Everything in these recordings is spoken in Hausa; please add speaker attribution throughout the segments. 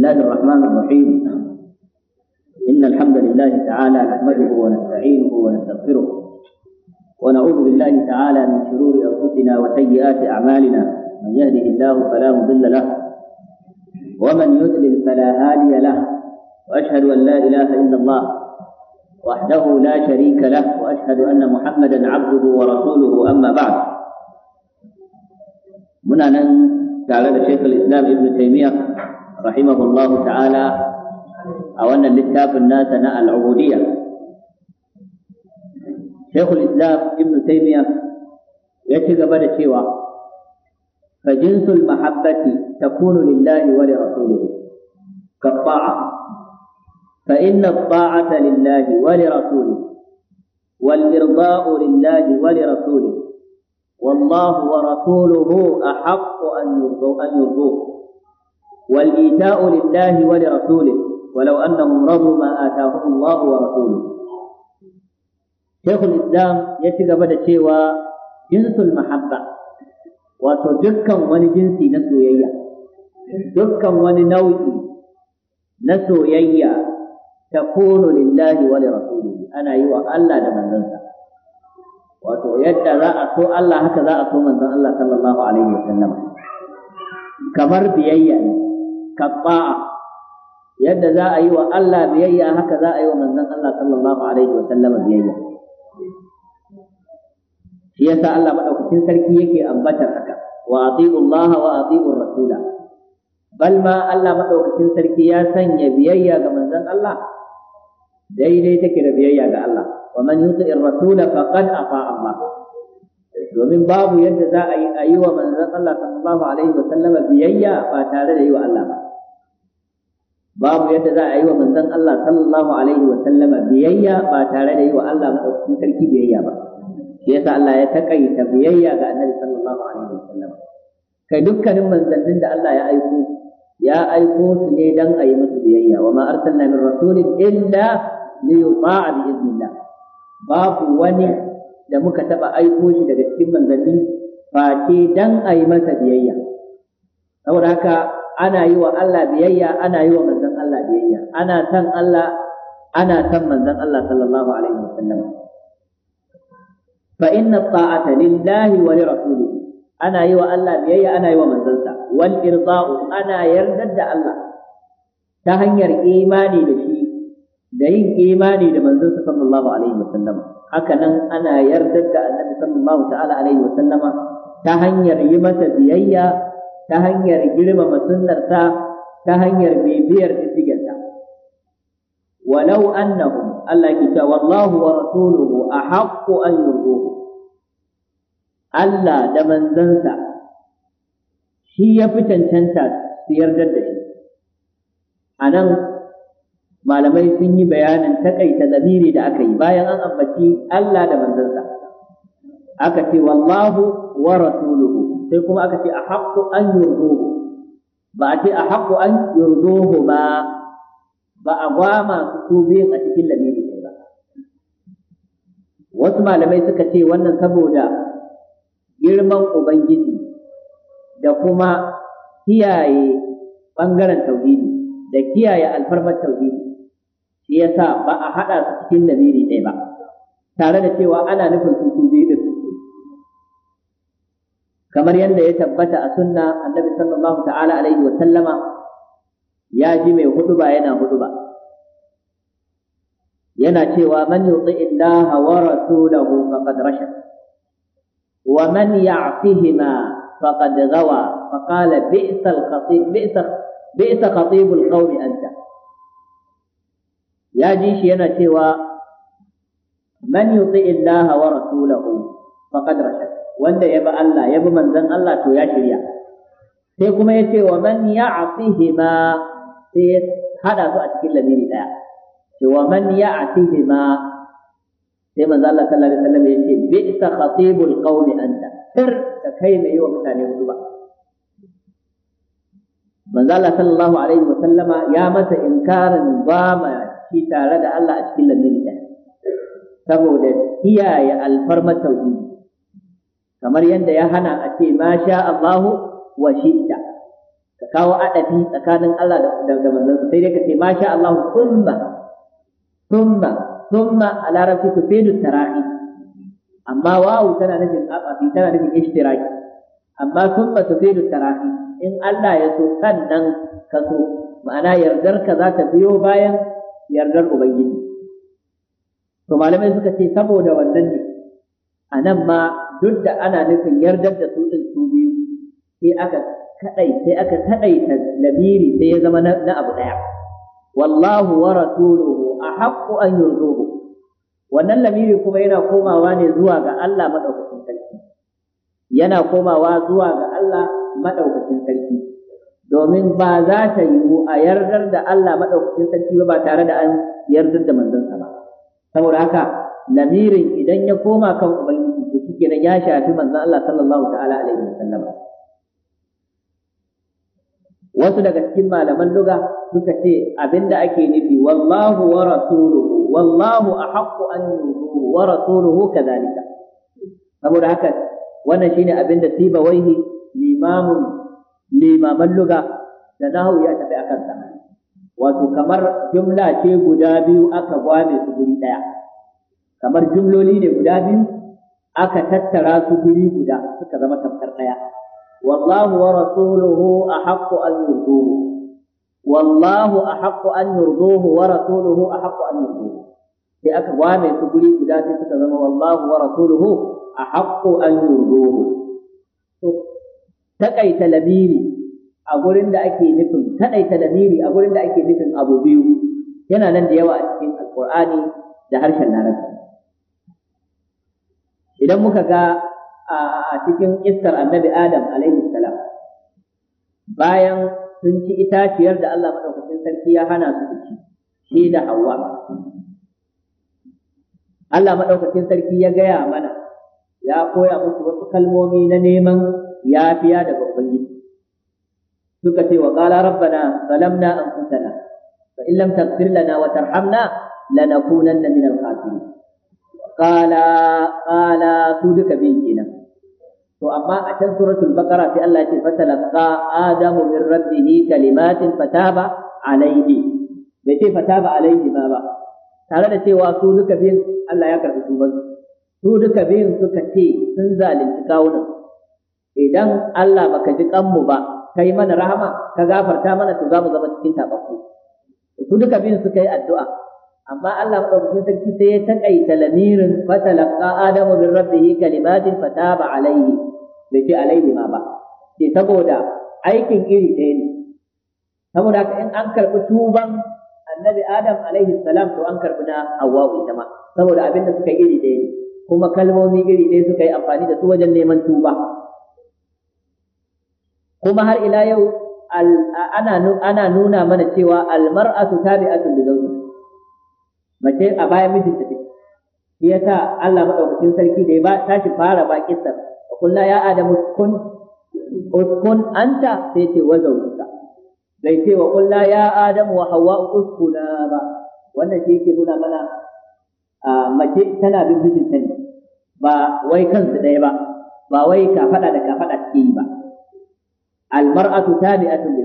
Speaker 1: الله الرحمن الرحيم إن الحمد لله تعالى نحمده ونستعينه ونستغفره ونعوذ بالله تعالى من شرور أنفسنا وسيئات أعمالنا من يهده الله فلا مضل له ومن يضلل فلا هادي له وأشهد أن لا إله إلا الله وحده لا شريك له وأشهد أن محمدا عبده ورسوله أما بعد منا تعالى شيخ الإسلام ابن تيمية رحمه الله تعالى أو أن الإسلام الناس ناء العبودية شيخ الإسلام ابن تيمية يشهد بعد شيوا فجنس المحبة تكون لله ولرسوله كالطاعة فإن الطاعة لله ولرسوله والإرضاء لله ولرسوله والله ورسوله أحق أن يرضوه, أن يرضوه. والإيتاء لله ولرسوله ولو أنهم رضوا ما آتاهم الله ورسوله شيخ الإسلام يتقى بدا شيوا جنس المحبة وتدكا ون جنسي نسويا دكا ون نوعي نسويا تكون لله ولرسوله أنا يوى ألا لمن ننسى wato yadda za a so Allah haka za a so manzon Allah sallallahu alaihi wasallam kamar biyayya ne kafa'a yadda za a yi wa Allah biyayya haka za a yi wa manzon Allah sallallahu alaihi wa sallama biyayya shi yasa Allah maɗaukacin sarki yake ambatar haka wa ati'u Allah wa ati'u rasula bal ma Allah maɗaukacin sarki ya sanya biyayya ga manzon Allah daidai take da biyayya ga Allah wa man yuti'ir rasula faqad afa Allah domin babu yadda za a yi wa manzon Allah sallallahu alaihi wa sallama biyayya ba tare da yi wa Allah ba babu yadda za a yi wa manzon Allah sallallahu alaihi wa sallama biyayya ba tare da yi wa Allah madaukakin sarki biyayya ba shi yasa Allah ya takaita biyayya ga Annabi sallallahu alaihi wa sallama kai dukkanin manzannin da Allah ya aiko ya aiko su ne dan a yi musu biyayya wa ma arsalna min rasulin illa li yuta'a bi idnillah babu wani da muka taba aiko shi daga cikin manzanni face dan a yi masa biyayya saboda haka ana yi wa Allah biyayya ana yi wa manzon biyayya ana san Allah ana san manzon Allah sallallahu alaihi wasallam fa inna ta'ata lillahi wa li rasulihi ana yi wa Allah biyayya ana yi wa manzansa wal irda'u ana yarda da Allah ta hanyar imani da shi da yin imani da manzansa sallallahu alaihi wasallam haka nan ana yarda da annabi sallallahu ta'ala alaihi wasallama ta hanyar yi masa biyayya ta hanyar girmama sunnarsa ta hanyar bibiyar diddigar walau annahum Allah ki ta wallahu wa rasuluhu ahaqqu an yurduhu Allah da manzansa shi ya fi cancanta su yarda da shi anan malamai sun yi bayanin taƙaita zamiri da aka yi bayan an ambaci Allah da manzansa aka ce wallahu wa rasuluhu sai kuma aka ce ahaqqu an ba a ce an ba ba a gwama su su a cikin lamiri ba wasu malamai suka ce wannan saboda girman ubangiji da kuma kiyaye ɓangaren tauhidi da kiyaye alfarmar tauhidi shi yasa ba a haɗa su cikin lamiri ɗaya ba tare da cewa ana nufin su su biyu su kamar yadda ya tabbata a sunna annabi sallallahu ta'ala alaihi wa sallama ya ji mai ba yana ba. yana cewa man yuti illaha wa rasulahu faqad rashad wa man ya'tihima faqad gawa faqala bi'sa al-khatib bi'sa bi'sa khatib al-qawmi anta ya ji shi yana cewa man yuti illaha wa rasulahu faqad rashad wanda ya ba Allah ya bi manzon Allah to ya shirya sai kuma ya ce wa man ya'tihima sai ya hada su a cikin lamiri daya ce wa man ya'ti bima sai manzo Allah sallallahu alaihi wasallam yace bi'sa khatibul qawli anta sir da kai mai yi wa mutane hudu ba manzo Allah sallallahu alaihi wasallama ya masa inkarin ba ma shi tare da Allah a cikin lamiri daya saboda kiyaye alfarmar tauhidi kamar yadda ya hana a ce ma sha Allahu wa shi'ta ka kawo adadi tsakanin Allah da da manzon sai dai ka ce masha Allah thumma thumma thumma a larabci tufidu tarahi amma wawu tana nufin adafi tana nufin ishtiraki amma thumma tufidu tarahi in Allah ya so sannan ka so ma'ana yardar ka za ta biyo bayan yardar ubangiji to malamai suka ce saboda wannan ne a nan ma duk da ana nufin yardar da su ɗin su biyu sai aka kadai sai aka kadaita lamiri sai ya zama na abu ɗaya. wallahu wa rasuluhu ahaqqu an yurduhu wannan lamiri kuma yana komawa ne zuwa ga Allah madaukakin sarki yana komawa zuwa ga Allah madaukakin sarki domin ba za ta yiwu a yardar da Allah madaukakin sarki ba tare da an yardar da manzon ba saboda haka lamirin idan ya koma kan ubangiji to shikenan ya shafi manzon Allah sallallahu ta'ala alaihi wasallam wasu daga cikin malaman luga suka ce abinda ake nufi wallahu wa rasuluhu wallahu ahaqqu an yuzuhu wa rasuluhu kadhalika saboda haka wannan shine abinda sibawaihi limamun limaman luga da nahu ya tafi akan sa wato kamar jumla ce guda biyu aka gwame su guri daya kamar jumloli ne guda biyu aka tattara su guri guda suka zama tamkar daya والله ورسوله أحق أن يرضوه والله أحق أن يرضوه ورسوله أحق أن يرضوه sai aka wane su guri guda sai suka zama wallahu wa rasuluhu a haƙƙo an yurduhu taƙaita lamiri a gurin da ake nufin taƙaita biyu yana nan da yawa a cikin alƙur'ani da harshen larabci idan muka ga a cikin iskar annabi Adam alaihi salam bayan sun ci itaciyar da Allah madaukakin sarki ya hana su ci shi da Hawwa Allah madaukakin sarki ya gaya mana ya koya musu wasu kalmomi na neman yafiya daga Ubangiji suka ce wa qala rabbana zalamna anfusana fa in lam taghfir lana wa tarhamna lanakunanna minal khasirin qala qala su duka bin kenan to amma a can suratul baqara sai Allah ya ce fatalaqa adamu min rabbih kalimatin fataba Alayhi. bai ce fataba Alayhi ba ba tare da cewa su duka biyun Allah ya karɓi su su duka biyun suka ce sun zalunci kawunan idan Allah baka ji kanmu ba kai mana rahama ka gafarta mana to za mu zama cikin tabakku su duka biyun suka yi addu'a amma Allah madaukakin sarki sai ya takaita lamirin fatalaqa adamu min rabbih kalimatin fataba alayhi bai ce alaihi ma ba ce saboda aikin iri ɗaya ne saboda haka in an karɓi tuban annabi adam alaihi salam to an karɓi na hawwa ita ma saboda abin da suka iri ɗaya ne kuma kalmomi iri ɗaya suka yi amfani da su wajen neman tuba kuma har ila yau ana nuna mana cewa almar'atu tabi'atun li zawji mace a bayan mijinta take shi yasa Allah madaukakin sarki da ya tashi fara ba sarki kulla ya adamu kun kun anta sai ce wa zawjuka bai ce wa kulla ya adamu wa hawa uskuna ba wannan shi yake nuna mana mace tana bin mijinta ne ba wai kansu ɗaya ba ba wai ka kafaɗa da ka suke yi ba almar'atu tabi'atun li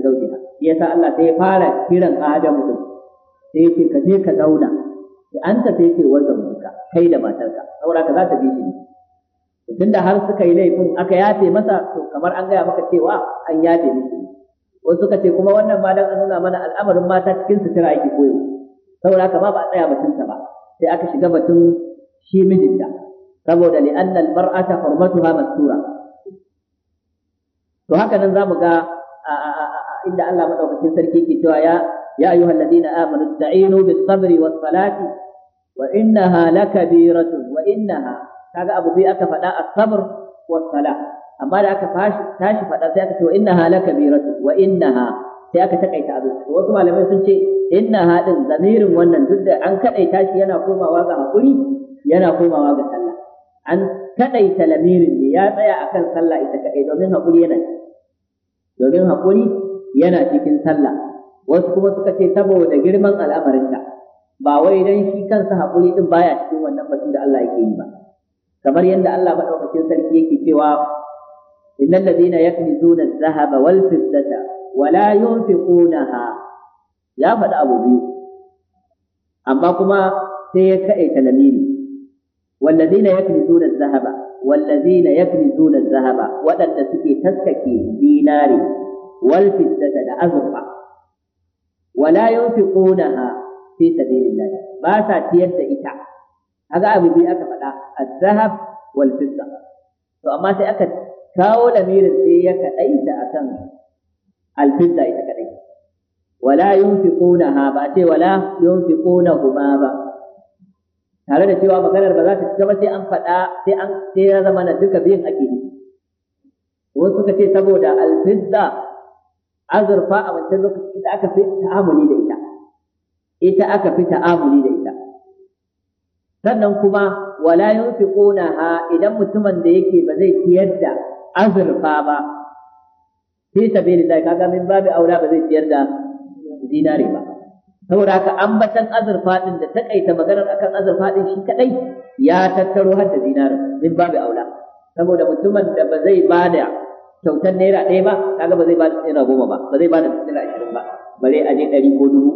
Speaker 1: Ya sa Allah sai fara kiran Adamu din sai yake ka je ka zauna da anta sai yake wa zawjuka kai da matarka saboda ka za ta bi shi ne tunda har suka yi laifin aka yafe masa to kamar an gaya maka cewa an yafe musu wasu suka ce kuma wannan ma dan an nuna mana al'amarin mata cikin sutura ake koyo saboda haka ba ba a tsaya batunta ba sai aka shiga batun shi mijinta saboda li anna al mar'ata hurmatuha mastura to haka nan zamu ga inda Allah madaukakin sarki ke cewa ya ya ayyuhal ladina amanu ista'inu bis sabri was salati wa innaha lakabiratun wa innaha kaga abu biyu aka faɗa as-sabr wa sala amma da aka tashi faɗa sai aka ce wa innaha lakabiratu wa innaha sai aka takaita abin wasu malamai sun ce innaha din zamirin wannan duk da an kadaita shi yana komawa ga hakuri yana komawa ga sallah an kadaita lamirin ne ya tsaya akan sallah ita kadai domin hakuri yana domin hakuri yana cikin sallah wasu kuma suka ce saboda girman al'amarinta ba wai dan shi kansa hakuri din baya cikin wannan batun da Allah yake yi ba kamar yadda Allah madaukakin sarki yake cewa innal ladina yaknizuna adh-dhahaba wal fiddata wa la yunfiqunaha ya faɗi abu biyu amma kuma sai ya kaita lamiri والذين يكنزون الذهب والذين يكنزون الذهب waɗanda suke taskake dinari wal fiddata da azurfa wala yunfiqunaha fi sabilillah ba sa tiyar da ita kaga abu biyu aka faɗa az-zahab wal fidda to amma sai aka kawo lamirin sai ya kadaita akan al-fidda ita kadai wala yunfiqunaha ba ce, wala yunfiqunahuma ba tare da cewa maganar ba za ta cika ba sai an faɗa sai an sai ya zama na duka biyun ake yi wasu suka ce saboda al-fidda azurfa a wancan lokacin da aka fi ta'amuli da ita ita aka fi ta'amuli da ita sannan kuma wala ha idan mutumin da yake ba zai ciyar da azurfa ba fi da kaga min babu aula ba zai ciyar da dinari ba saboda haka ambatan azurfa din da takaita maganar akan azurfa din shi kadai ya tattaro har da dinarin min babu aula saboda mutumin da ba zai bada kyautar naira ɗaya ba kaga ba zai bada naira goma ba ba zai bada naira ashirin ba bare a je ɗari ko dubu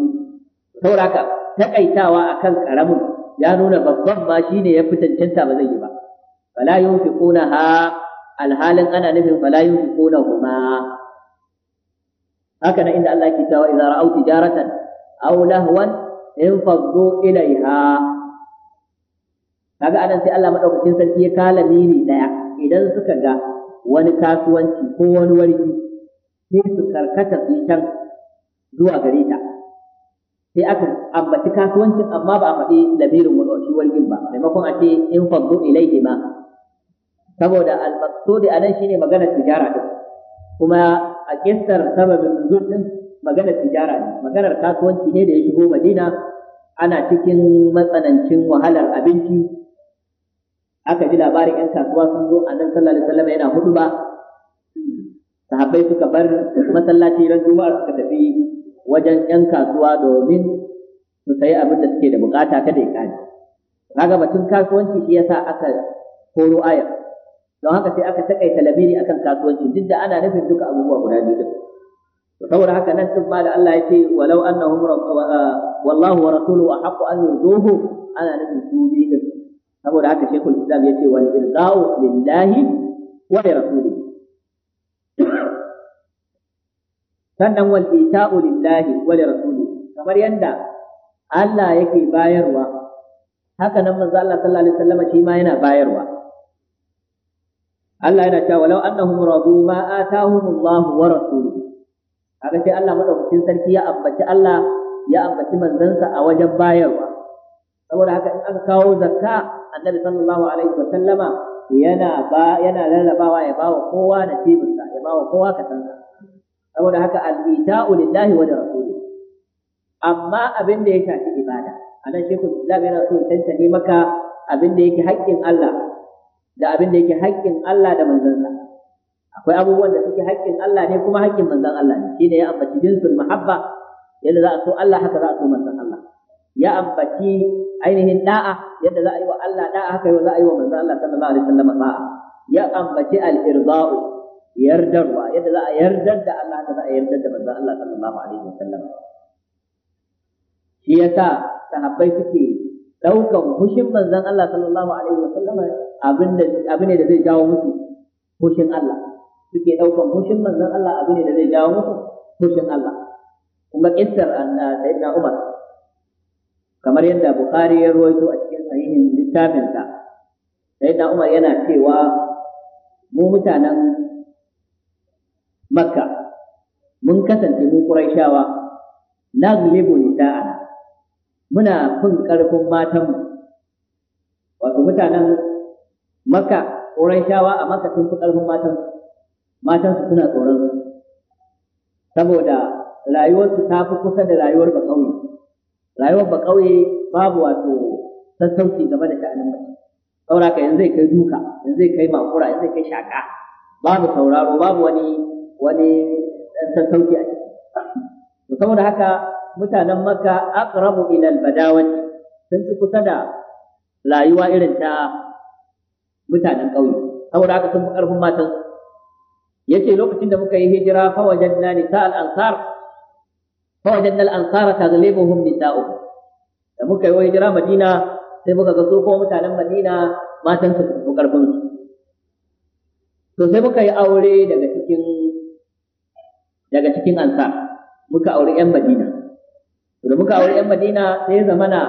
Speaker 1: saboda haka takaitawa akan karamin ya nuna babban ma ne ya fi tantanta ba zai yi ba fala yunfiquna ha alhalin ana nufin fala yunfiquna kuma. haka na inda Allah ke cewa idza ra'aw tijaratan aw lahwan infaddu ilaiha kaga anan sai Allah madaukakin sarki ya kala miri daya idan suka ga wani kasuwanci ko wani warki sai su karkata su can zuwa gare ta sai aka ambaci kasuwancin amma ba a faɗi lamirin shi wargin ba maimakon a ce in faddu ilaihi ma saboda al-maqsudi anan shine magana tijara din kuma a kissar sababin nuzul din magana tijara ne maganar kasuwanci ne da ya shigo Madina ana cikin matsanancin wahalar abinci aka ji labarin 'yan kasuwa sun zo a nan sallallahu alaihi wasallam yana hudu ba sahabbai suka bar masallaci ran juma'a suka tafi wajen 'yan kasuwa domin su sayi abin da suke da bukata ta da ikani. kaga batun kasuwanci shi yasa aka koro ayar don haka sai aka takaita a akan kasuwanci duk da ana nufin duka abubuwa guda biyu saboda haka nan sun bada Allah ya ce walau annahum wallahu wa rasuluhu ahqqu an yurduhu ana nufin su biyu saboda haka shekul islam ya ce wal irda'u lillahi wa li rasulihi sannan wal ita'u lillahi wa li rasuli kamar yanda Allah yake bayarwa haka nan manzo Allah sallallahu alaihi wasallam shi ma yana bayarwa Allah yana cewa walau annahum radu ma atahumullahu wa rasuluhu haka sai Allah madaukakin sarki ya ambaci Allah ya ambaci manzansa a wajen bayarwa saboda haka in aka kawo zakka annabi sallallahu alaihi wasallama yana ba yana lalabawa ya bawa kowa nasibinsa ya bawa kowa kasansa saboda haka al lillahi wa rasuli amma abin da ya shafi ibada A nan anan shehu islam yana so tantane maka abin da yake haƙƙin Allah da abin da yake haƙƙin Allah da manzansa akwai abubuwan da suke haƙƙin Allah ne kuma haƙƙin manzan Allah ne shine ya ambaci jinsul muhabba yadda za a so Allah haka za a so manzan Allah ya ambaci ainihin da'a yadda za a yi wa Allah da'a haka za a yi wa manzan Allah sallallahu alaihi wasallam da'a ya ambaci al-irda'u yardarwa yadda za a yardar da Allah ta za a yardar da manzon Allah sallallahu alaihi wasallam shi yasa sahabbai suke daukan hushin manzon Allah sallallahu alaihi wasallam abin da abin ne da zai jawo musu hushin Allah suke daukan hushin manzon Allah abin ne da zai jawo musu hushin Allah kuma kissar sayyidina Umar kamar yadda Bukhari ya ruwaito a cikin sahihin littafinsa sayyidina Umar yana cewa mu mutanen makka mun kasance mu quraishawa naglibu da'a muna fin karfin matan wato mutanen makka quraishawa a makka sun fi karfin matan matan su suna tsoron saboda rayuwarsu ta fi kusa da rayuwar ba kauye rayuwar ba kauye babu wato sassauci game da sha'anin mace saboda ka yanzu kai duka yanzu kai makura yanzu kai shaka babu sauraro babu wani wani ɗan sassauki a ciki saboda haka mutanen Maka, aqrabu ila al-badawati sun fi kusa da layuwa irin ta mutanen ƙauye saboda haka sun fi ƙarfin matan yace lokacin da muka yi hijira fa wajadna nisa al-ansar fa wajadna al-ansar taghlibuhum nisa'u da muka yi hijira Madina sai muka ga su mutanen Madina matan su fi ƙarfin su to sai muka yi aure daga cikin daga cikin ansa muka auri 'yan madina da muka auri 'yan madina sai ya zamana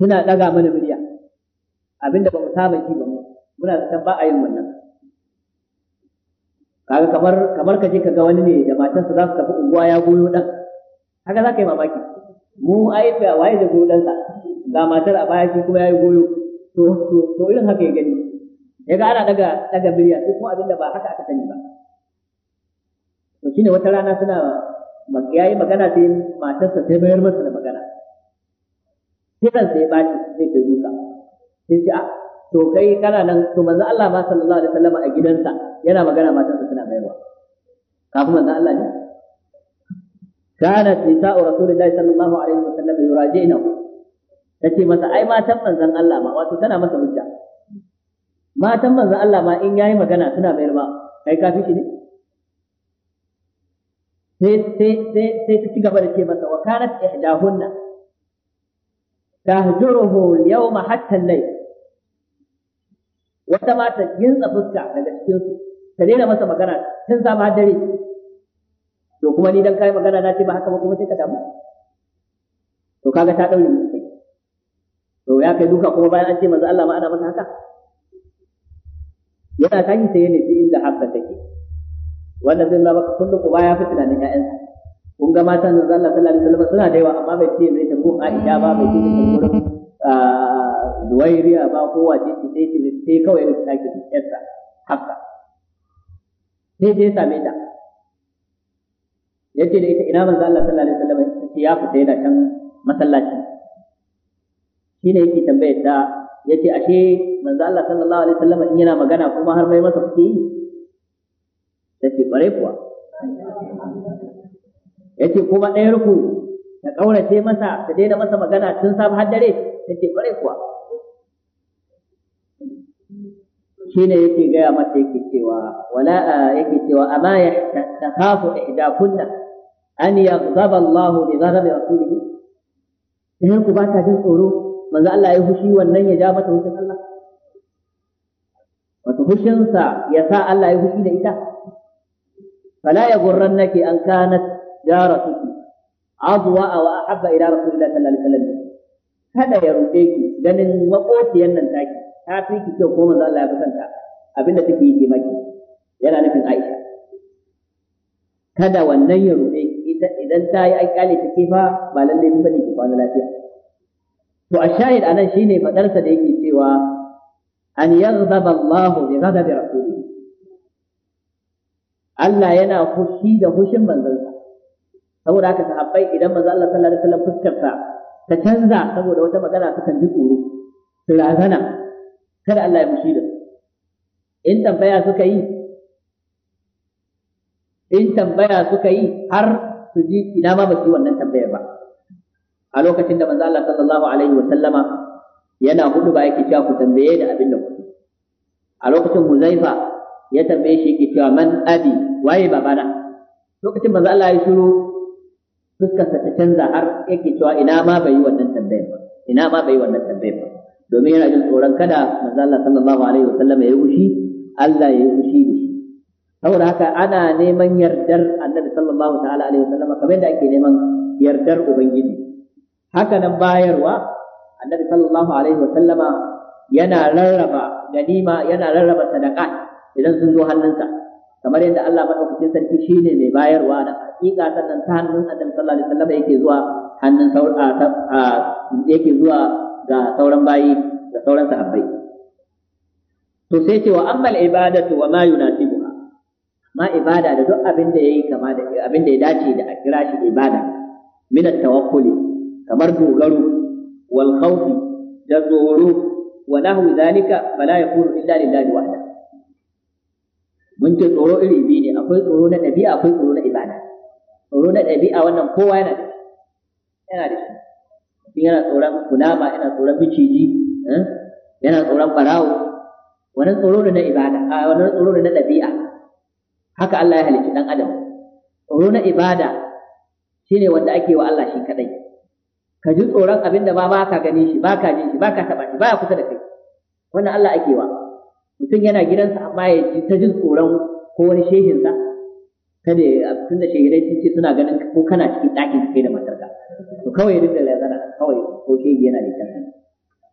Speaker 1: suna ɗaga mana murya abinda ba mu saba shi ba muna da ba a yin wannan kaga kamar kamar ka je ka ga wani ne da matarsa za su tafi unguwa ya goyo dan haka za ka yi mamaki mu ai ba waye da goyo dan ga matar a baya shi kuma ya yi goyo to to to irin haka ya gani ya ga ana daga daga murya ko kuma abinda ba haka aka sani ba to shine wata rana suna yayi magana sai matarsa sai bayar masa da magana sai kan sai baci sai ta duka sai ce a ah, to kai kana nan to manzo Allah ba sallallahu alaihi wasallam a gidansa yana magana matarsa suna bayarwa kafin manzo Allah ne كانت نساء رسول الله صلى الله عليه وسلم tace masa ai matan manzon Allah ma wato tana masa hujja matan manzon Allah ma in yayi magana suna bayarwa kai kafi shi ne sai ta ci gaba da ce masa wa kanat ihdahunna tahjuruhu al-yawma hatta al-layl wata mata, yin yinsa daga cikin su ta daina masa magana tun safa har dare to kuma ni dan kai magana na ce ba haka ba kuma sai ka damu to kaga ta daure mu sai to ya kai duka kuma bayan an ce manzo Allah ma ana masa haka yana tashi sai ya nufi inda haka take wannan zai zama kullum uba ya fi tunanin ƴaƴansa kun ga matan da Allah sallallahu alaihi wasallam suna da yawa amma bai ce zai ta ko Aisha ba bai ce ta gurin ah, Zuwairiya ba ko wace ce sai ce sai kawai ta ke ƴarsa haka sai dai same ta yace da ita ina manzo Allah sallallahu alaihi wasallam ya fita yana kan masallaci shine yake tambayar da yace ashe manzo Allah sallallahu alaihi wasallam yana magana kuma har mai masa kuke yi ƙwarai kuwa yace kuma ɗayar ku ta ƙaurace masa ta daina masa magana tun safe har dare tace ƙwarai kuwa shine yake gaya mata yake cewa wala yake cewa amma ya takhafu ihdakunna an yaghdaba Allah bi ghadabi rasulih dan ku ba ta jin tsoro manzo Allah ya fushi wannan ya ja mata Allah wato ya sa Allah ya fushi da ita فلا يغرنك أن كانت جارتك أضوى أو أحب إلى رسول الله صلى الله عليه وسلم kada ya rufe ki ganin makociyan nan taki ta fi ki kyau ko manzo Allah ya kusanta abinda take yi maki yana nufin Aisha kada wannan ya rufe ki idan ta yi ta ke fa ba lalle ba ne ki kwana lafiya to a shahid anan shine fadarsa da yake cewa an yaghdaba Allah bi ghadabi rasulihi Allah yana fushi da fushin manzansa saboda haka sahabbai idan manzo Allah sallallahu alaihi wasallam fuskarsa ta canza saboda wata magana sukan ji tsoro su razana kada Allah ya fushi da in tambaya suka yi in tambaya suka yi har su ji ina ma ba wannan tambaya ba a lokacin da manzo Allah sallallahu alaihi wasallama yana hudu ba yake cewa ku tambaye da abin da ku a lokacin Huzaifa ya tambaye shi ke cewa man abi waye babana lokacin manzo Allah ya shiru fuskarsa ta canza har yake cewa ina ma bai yi wannan tambayar ba ina ma bai yi wannan tambayar ba domin yana jin tsoron kada manzo Allah sallallahu alaihi wasallam ya yi fushi Allah ya yi fushi da shi saboda haka ana neman yardar annabi sallallahu ta'ala alaihi wasallam kamar yadda ake neman yardar ubangiji haka nan bayarwa annabi sallallahu alaihi wasallama yana rarraba ganima yana rarraba sadaqa idan sun zo hannunsa kamar yadda Allah madaukakin sarki shi ne mai bayarwa da hakika sannan ta hannun Annabi sallallahu alaihi wasallam yake zuwa hannun yake zuwa ga sauran bayi da sauran sahabbai to sai ce wa ammal ibadatu wa ma yunasibuha ma ibada da duk abin da yayi kama da abin da ya dace da a kira shi ibada min tawakkuli kamar dogaro wal khawfi da tsoro wa nahwi zalika fala yakunu illa lillahi wahdahu mun ce tsoro iri biyu ne akwai tsoro na ɗabi'a akwai tsoro na ibada tsoro na ɗabi'a wannan kowa yana da yana da shi mutum yana tsoron kunama yana tsoron miciji eh? yana tsoron barawo. wannan tsoro ne na ibada a wannan tsoro ne na ɗabi'a haka Allah ya halicci dan adam tsoro na ibada shine wanda ake wa Allah shi kadai ka ji tsoron abinda ba ba ka gani shi ba ka jin shi ba ka taɓa shi ba ya kusa da kai wannan Allah ake wa mutum yana gidansa amma ya ji ta jin tsoron ko wani shehinsa kada ya da shehirai sun ce suna ganin ko kana cikin ɗakin kai da matarka to kawai ya dinga lazara kawai ko shehi yana da kyan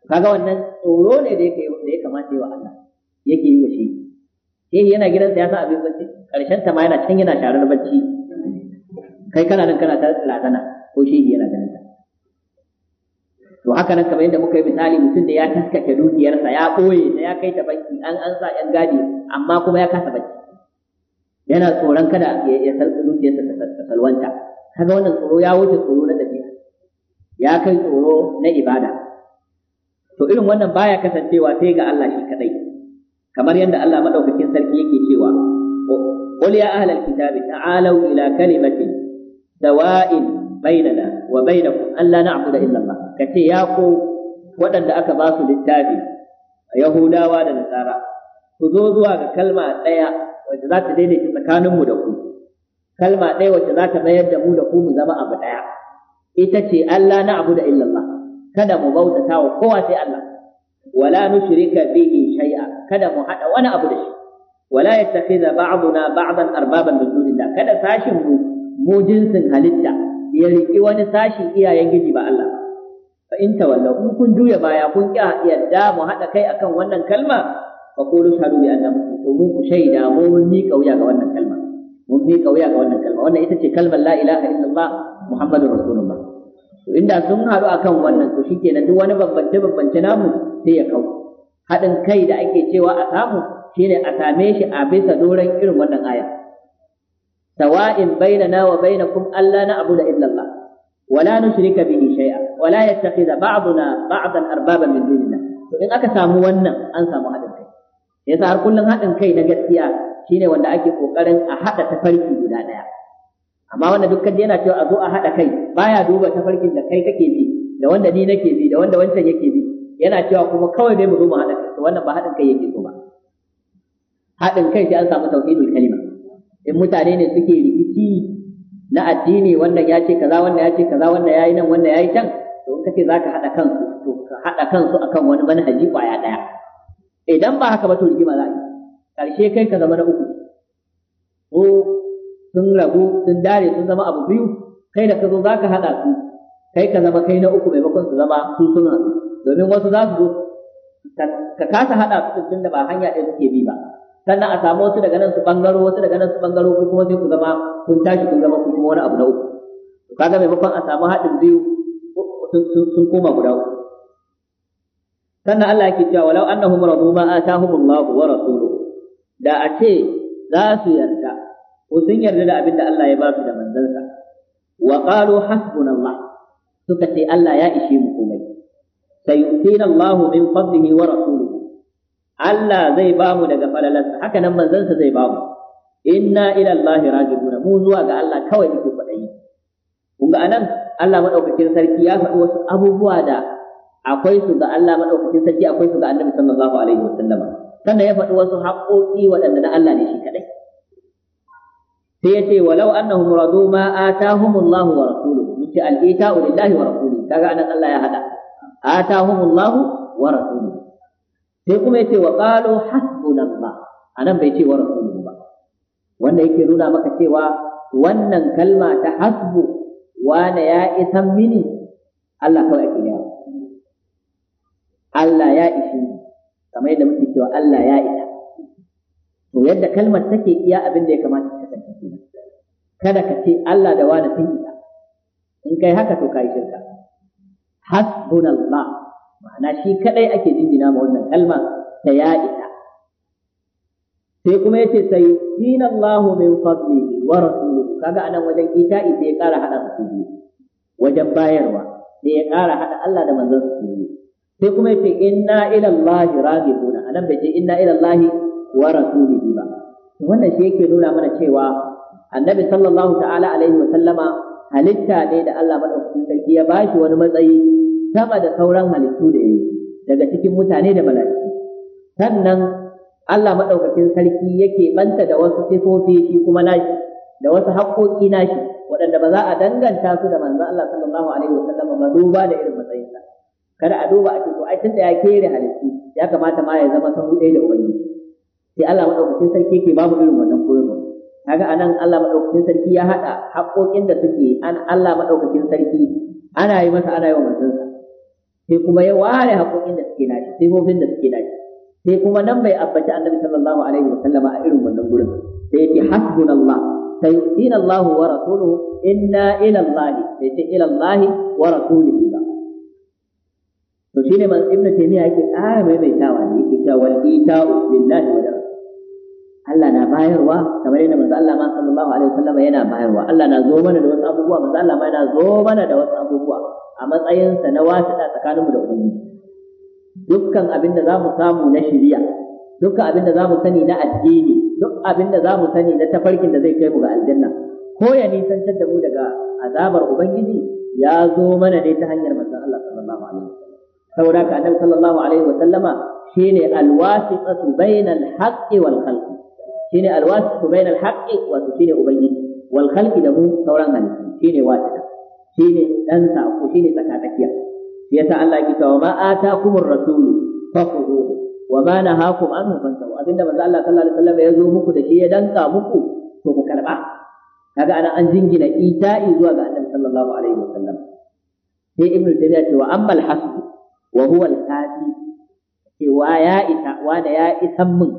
Speaker 1: kaga wannan tsoro ne da ya kamata yi wa Allah yake yi wa shehi shehi yana gidansa ya sa abin bacci karshen ta ma yana can yana sharar bacci kai kana nan kana ta lazana ko shehi yana da to haka nan kamar yadda muka yi misali mutum da ya taskace dukiyarsa ya ɓoye ta ya kai ta banki an an sa yan gadi amma kuma ya kasa banki yana tsoron kada ya sarki dukiyarsa ta salwanta kaga wannan tsoro ya wuce tsoro na dabi'a ya kai tsoro na ibada to irin wannan baya kasancewa sai ga Allah shi kadai kamar yadda Allah madaukakin sarki yake cewa qul ya ahlal kitabi ta'alu ila kalimatin dawa'in bainana wa bainakum an la na'budu illa Allah kace ya ko waɗanda aka ba su littafi yahudawa da nasara ku zo zuwa ga kalma ɗaya wacce za ta daidaita tsakaninmu da ku kalma ɗaya wacce za ta mayar da mu da ku mu zama abu ɗaya ita ce Allah na'budu illa Allah kada mu bautata wa kowa sai Allah wala nushrika bihi shay'a kada mu hada wani abu da shi wala yattakhidha ba'duna ba'dan arbaban min dunillah kada sashin mu mu jinsin halitta ya riƙi wani sashin iyayen giji ba Allah fa in tawalla in kun juya baya kun ƙi yadda mu haɗa kai akan wannan kalma fa qulu shahadu bi anna to mun ku shaida mu mun miƙa wuya ga wannan kalma mun miƙa wuya ga wannan kalma wannan ita ce kalmar la ilaha illallah muhammadur rasulullah to inda sun haɗu akan wannan to shikenan duk wani bambance bambance namu sai ya kau haɗin kai da ake cewa a samu shine a same shi a bisa doron irin wannan aya sawa'in bainana wa bainakum alla na'budu illa Allah wa la nushrika bihi shay'a wa la yattakhidha ba'duna ba'dan arbaban min dunillah to in aka samu wannan an samu hadin kai yasa har kullun hadin kai na gaskiya shine wanda ake kokarin a hada tafarki guda daya amma wanda dukkan yana cewa a zo a hada kai baya duba tafarkin da kai kake bi da wanda ni nake bi da wanda wancan yake bi yana cewa kuma kawai dai mu zo mu hada kai to wannan ba hadin kai yake so ba haɗin kai sai an samu tauhidul kalima in mutane ne suke rikici na addini wannan ya ce kaza wannan ya ce kaza wannan yayi nan wannan yayi can to in kace zaka hada kansu to ka hada kansu akan wani manhaji kwaya daya idan ba haka ba to rigima za a yi karshe kai ka zama na uku ko sun rabu sun dare sun zama abu biyu kai da ka zo zaka hada su kai ka zama kai na uku maimakon su zama su suna domin wasu za su zo ka kasa hada su tun da ba hanya ɗaya suke bi ba sannan a samu wasu daga nan su bangaro wasu daga nan su bangaro ko kuma sai ku zama kun tashi kun zama ku kuma wani abu na uku to kaga maimakon a samu haɗin biyu sun koma guda uku sannan Allah yake cewa walau annahum radu ma atahumullahu wa rasuluhu da a ce za su yarda ko sun yarda da abin da Allah ya ba su da manzansa wa qalu hasbunallah suka ce Allah ya ishe mu komai yutina Allahu min fadlihi wa rasuluhu Allah zai ba mu daga falalansa haka nan manzansa zai ba mu inna ila Allah raji'un mu zuwa ga Allah kawai muke kwadayi kun ga anan Allah madaukakin sarki ya faɗi wasu abubuwa da akwai su ga Allah madaukakin sarki akwai su ga Annabi sallallahu alaihi wasallam sannan ya faɗi wasu haƙoƙi waɗanda na Allah ne shi kadai sai ya ce walau annahum radu ma atahumullahu wa rasuluhu muke al-ita'u lillahi wa rasulihi kaga anan Allah ya hada atahumullahu wa rasuluhu sai kuma ya ce wa ba, hasbunallah nan bai ce wa rasuluhu ba wanda yake nuna maka cewa wannan kalma ta hasbu wane ya isan mini Allah kawai ake ne Allah ya ishi kamar yadda muke cewa Allah ya isa to yadda kalmar take iya abin da ya kamata ta kasance kenan kada ka ce Allah da wani sun isa in kai haka to kai shirka hasbunallah ma'ana shi kadai ake jingina ma wannan kalma ta ya ita sai kuma yace sai dina Allahu min fadlihi wa rasuluhu kaga anan wajen ita sai ya kara hada su biyu wajen bayarwa sai ya kara hada Allah da manzon su biyu sai kuma yace inna ila Allah raghibuna anan bai ce inna ila Allah wa rasulihi ba wannan shi yake nuna mana cewa annabi sallallahu ta'ala alaihi wa sallama halitta ne da Allah madaukakin sarki ya bashi wani matsayi sama da sauran halittu da yake daga cikin mutane da mala'iku sannan Allah maɗaukakin sarki yake banta da wasu sifofi shi kuma nashi da wasu haƙoƙi nashi waɗanda ba za a danganta su da manzo Allah sallallahu alaihi wasallam ba duba da irin matsayinsa kada a duba a ce to ai tunda ya kere halittu ya kamata ma ya zama sahu ɗaya da ubangiji sai Allah maɗaukakin sarki yake babu irin wannan koyarwa kaga anan Allah maɗaukakin sarki ya haɗa haƙoƙin da suke an Allah maɗaukakin sarki ana yi masa ana yi wa mutum sai kuma ya ware haƙoƙin da suke nashi sifofin da suke nashi sai kuma nan bai ambaci annabi sallallahu alaihi wa sallama a irin wannan gurin sai yace hasbunallah sayu'tina Allahu wa rasuluhu inna ila Allah sai yace ila Allah wa rasulihi ba to shine man ibnu taymiya yake ƙara mai tawa, yake cewa wal ita'u billahi wa Allah na bayarwa kamar yadda manzo Allah ma sallallahu alaihi wa sallama yana bayarwa Allah na zo mana da wasu abubuwa manzo Allah ma yana zo mana da wasu abubuwa a matsayinsa na wasiɗa tsakaninmu da ubangiji dukkan abin da za mu samu na shari'a dukkan abin da za mu sani na addini duk abin da za mu sani na tafarkin da zai kai mu ga aljanna ko ya nisantar da mu daga azabar ubangiji ya zo mana ne ta hanyar manzon Allah sallallahu alaihi wasallam saboda ka annabi sallallahu alaihi wasallama shine alwasiqatu bainal haqqi wal khalqi shine alwasiqatu bainal haqqi wa shine ubangiji wal khalqi da mu sauran halittu shine wasita shine dan sako shine tsakatakiya shi yasa Allah ke cewa ma atakumur rasulu fakhuhu wa ma nahakum anhu fantahu abinda manzo Allah sallallahu alaihi wasallam ya zo muku da shi ya danka muku to ku karba kaga ana an jingina ita'i zuwa ga Annabi sallallahu alaihi wasallam sai ibnu tabiya ce wa ammal hasbu wa huwa al-kafi cewa ya ita wa da ya isan mun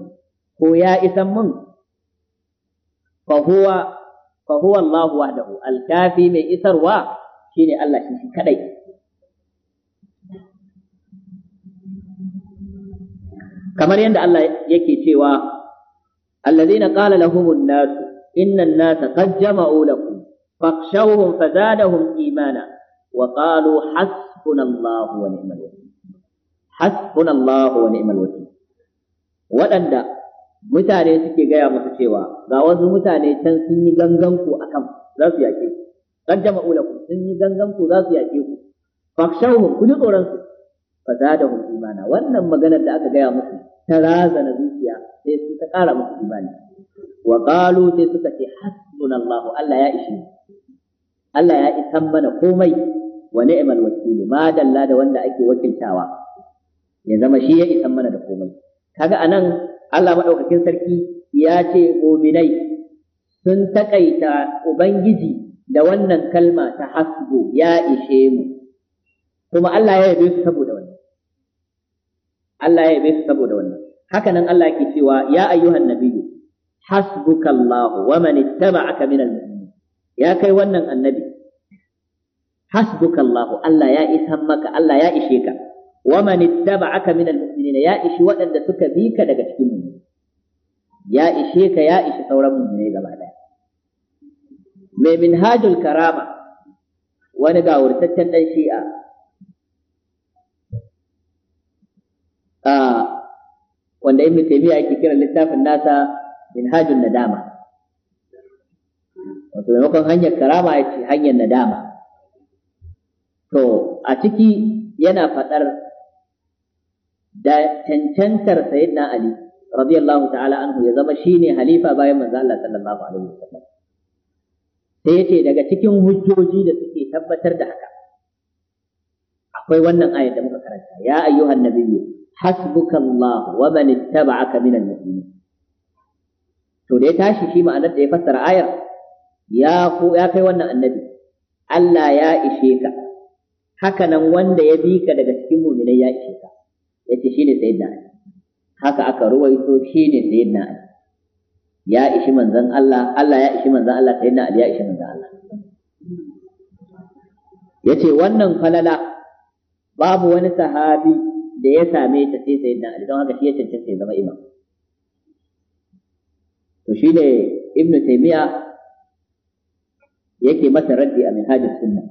Speaker 1: ko ya isan mun? fa huwa fa huwa Allah wahdahu al-kafi mai isarwa ne Allah shi shi kaɗai. kamar yadda Allah yake cewa alladhina qala lahumun nas inna an-nas qad jama'u lakum fakhshawhum fazadahum imana wa qalu hasbunallahu wa ni'mal wakeel hasbunallahu wa ni'mal wakeel waɗanda mutane suke gaya musu cewa ga wasu mutane can sun yi ganganku akan za su yake qad jama'u lakum sun yi gangan ku za su yaƙe ku fakshawhum ku ji tsoron su fa zadahum imana wannan maganar da aka gaya musu ta razana zuciya sai su ta ƙara musu imani wa qalu sai suka ce hasbunallahu Allah ya ishe Allah ya isan mana komai wa ni'mal wakili ma dalla da wanda ake wakiltawa ya zama shi ya isan mana da komai kaga anan Allah madaukakin sarki ya ce mu'minai sun takaita ubangiji da wannan kalma ta hasbu ya ishe mu kuma Allah ya yabe su saboda wannan Allah ya yabe su saboda wannan haka nan Allah yake cewa ya ayyuhan nabiyyu hasbukallahu wa man ittaba'aka minal mu'minin ya kai wannan annabi hasbukallahu Allah ya isa maka Allah ya ishe ka wa man ittaba'aka minal mu'minin ya ishi waɗanda suka bi ka daga cikin mu. ya ishe ka ya ishi sauran ne gaba daya mai min hajjul karama wani gawurtaccen ɗan shi'a wanda ibn taymiya ake kira littafin nasa min na nadama wato maimakon hanyar karama ya ce hanyar nadama to a ciki yana faɗar da cancantar sayyidina ali radiyallahu ta'ala anhu ya zama shine halifa bayan manzo Allah sallallahu alaihi wasallam sai ce daga cikin hujjoji da suke tabbatar da haka akwai wannan ayat da muka karanta ya ayyuhan nabiyyu hasbukallahu wa man ittaba'aka minan mu'minin to da ya tashi shi ma'anar da ya fassara ayar ya ku ya kai wannan annabi Allah ya ishe ka haka nan wanda ya bi ka daga cikin mu'minai ya ishe ka yace shine sayyidina haka aka ruwaito shine sayyidina ya ishi manzan Allah Allah ya ishi manzan Allah sai na Ali ya ishi manzan Allah yace wannan falala babu wani sahabi da ya same ta sai sai na Ali don haka shi ya cancanta ya zama imam to shi ne ibn taymiya yake masa raddi a minhajus sunna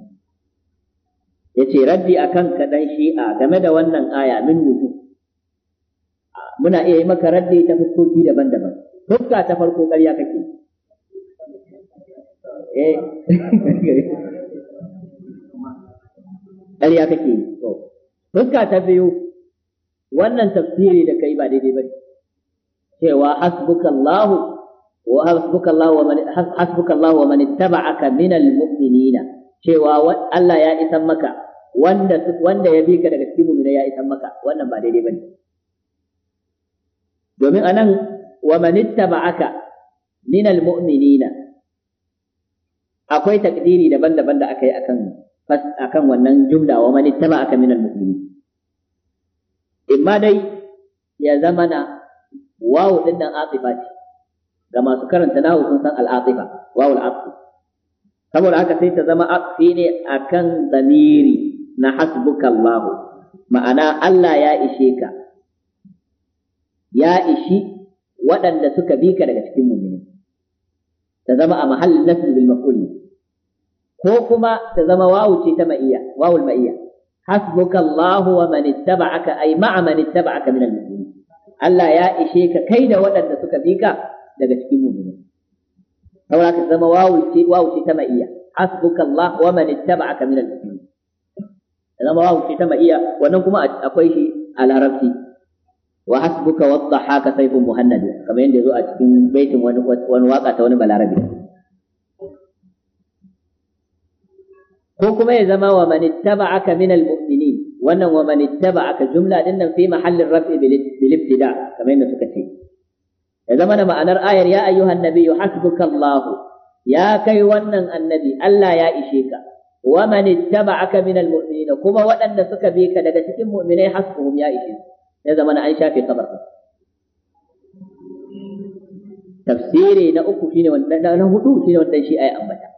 Speaker 1: yace raddi akan shi shi'a game da wannan aya min wuzu. muna iya yi maka raddi ta fuskoki daban-daban dukka ta farko ƙarya kake eh ƙarya kake dukka ta biyu wannan tafsiri da kai ba daidai ba ne. cewa hasbukallahu wa hasbukallahu wa man hasbukallahu wa man ittaba'aka minal mu'minina cewa Allah ya isan maka wanda wanda ya bi ka daga cikin mu'mina ya isan maka wannan ba daidai bane domin anan wa man ittaba'aka min almu'minina akwai takdiri daban-daban da aka yi a kan wannan jumla wa man aka minal almu'minin imma dai ya zama na wawu din nan atifa ce ga masu karanta nahu sun san al-atifa wawu al saboda haka sai ta zama atfi ne akan zamiri na hasbukallahu ma'ana Allah ya ishe ka ya ishi waɗanda suka bi ka daga cikin mu'minin ta zama a mahallin nasbi bil maf'ul ko kuma ta zama wawu ce ta ma'iyya wawul ma'iyya hasbuka Allahu wa man ittaba'aka ay ma'a man ittaba'aka min al-mu'minin Allah ya ishe ka kai da waɗanda suka bi ka daga cikin mu'minin saboda ka zama wawu ce wawu ce ta ma'iyya hasbuka Allah wa man ittaba'aka min al-mu'minin zama wawu ce ta ma'iyya wannan kuma akwai shi a larabci wa hasbuka wa dhahaka Saifun muhannad kamar yadda zo a cikin baitin wani wani waka ta wani balarabi ko kuma ya zama wa man ittaba'aka min almu'minin wannan wa man ittaba'aka jumla din nan fi mahallin raf'i bil ibtida kamar yadda suka ce ya zama da ma'anar ayar ya ayyuhan nabiyyu hasbuka Allahu ya kai wannan annabi Allah ya ishe ka wa man ittaba'aka min almu'minin kuma waɗanda suka bi ka daga cikin mu'minai hasbuhum ya ishe su ya zama na an shafe kabar tafsiri na uku shine wanda na hudu shine wanda shi ayi ambata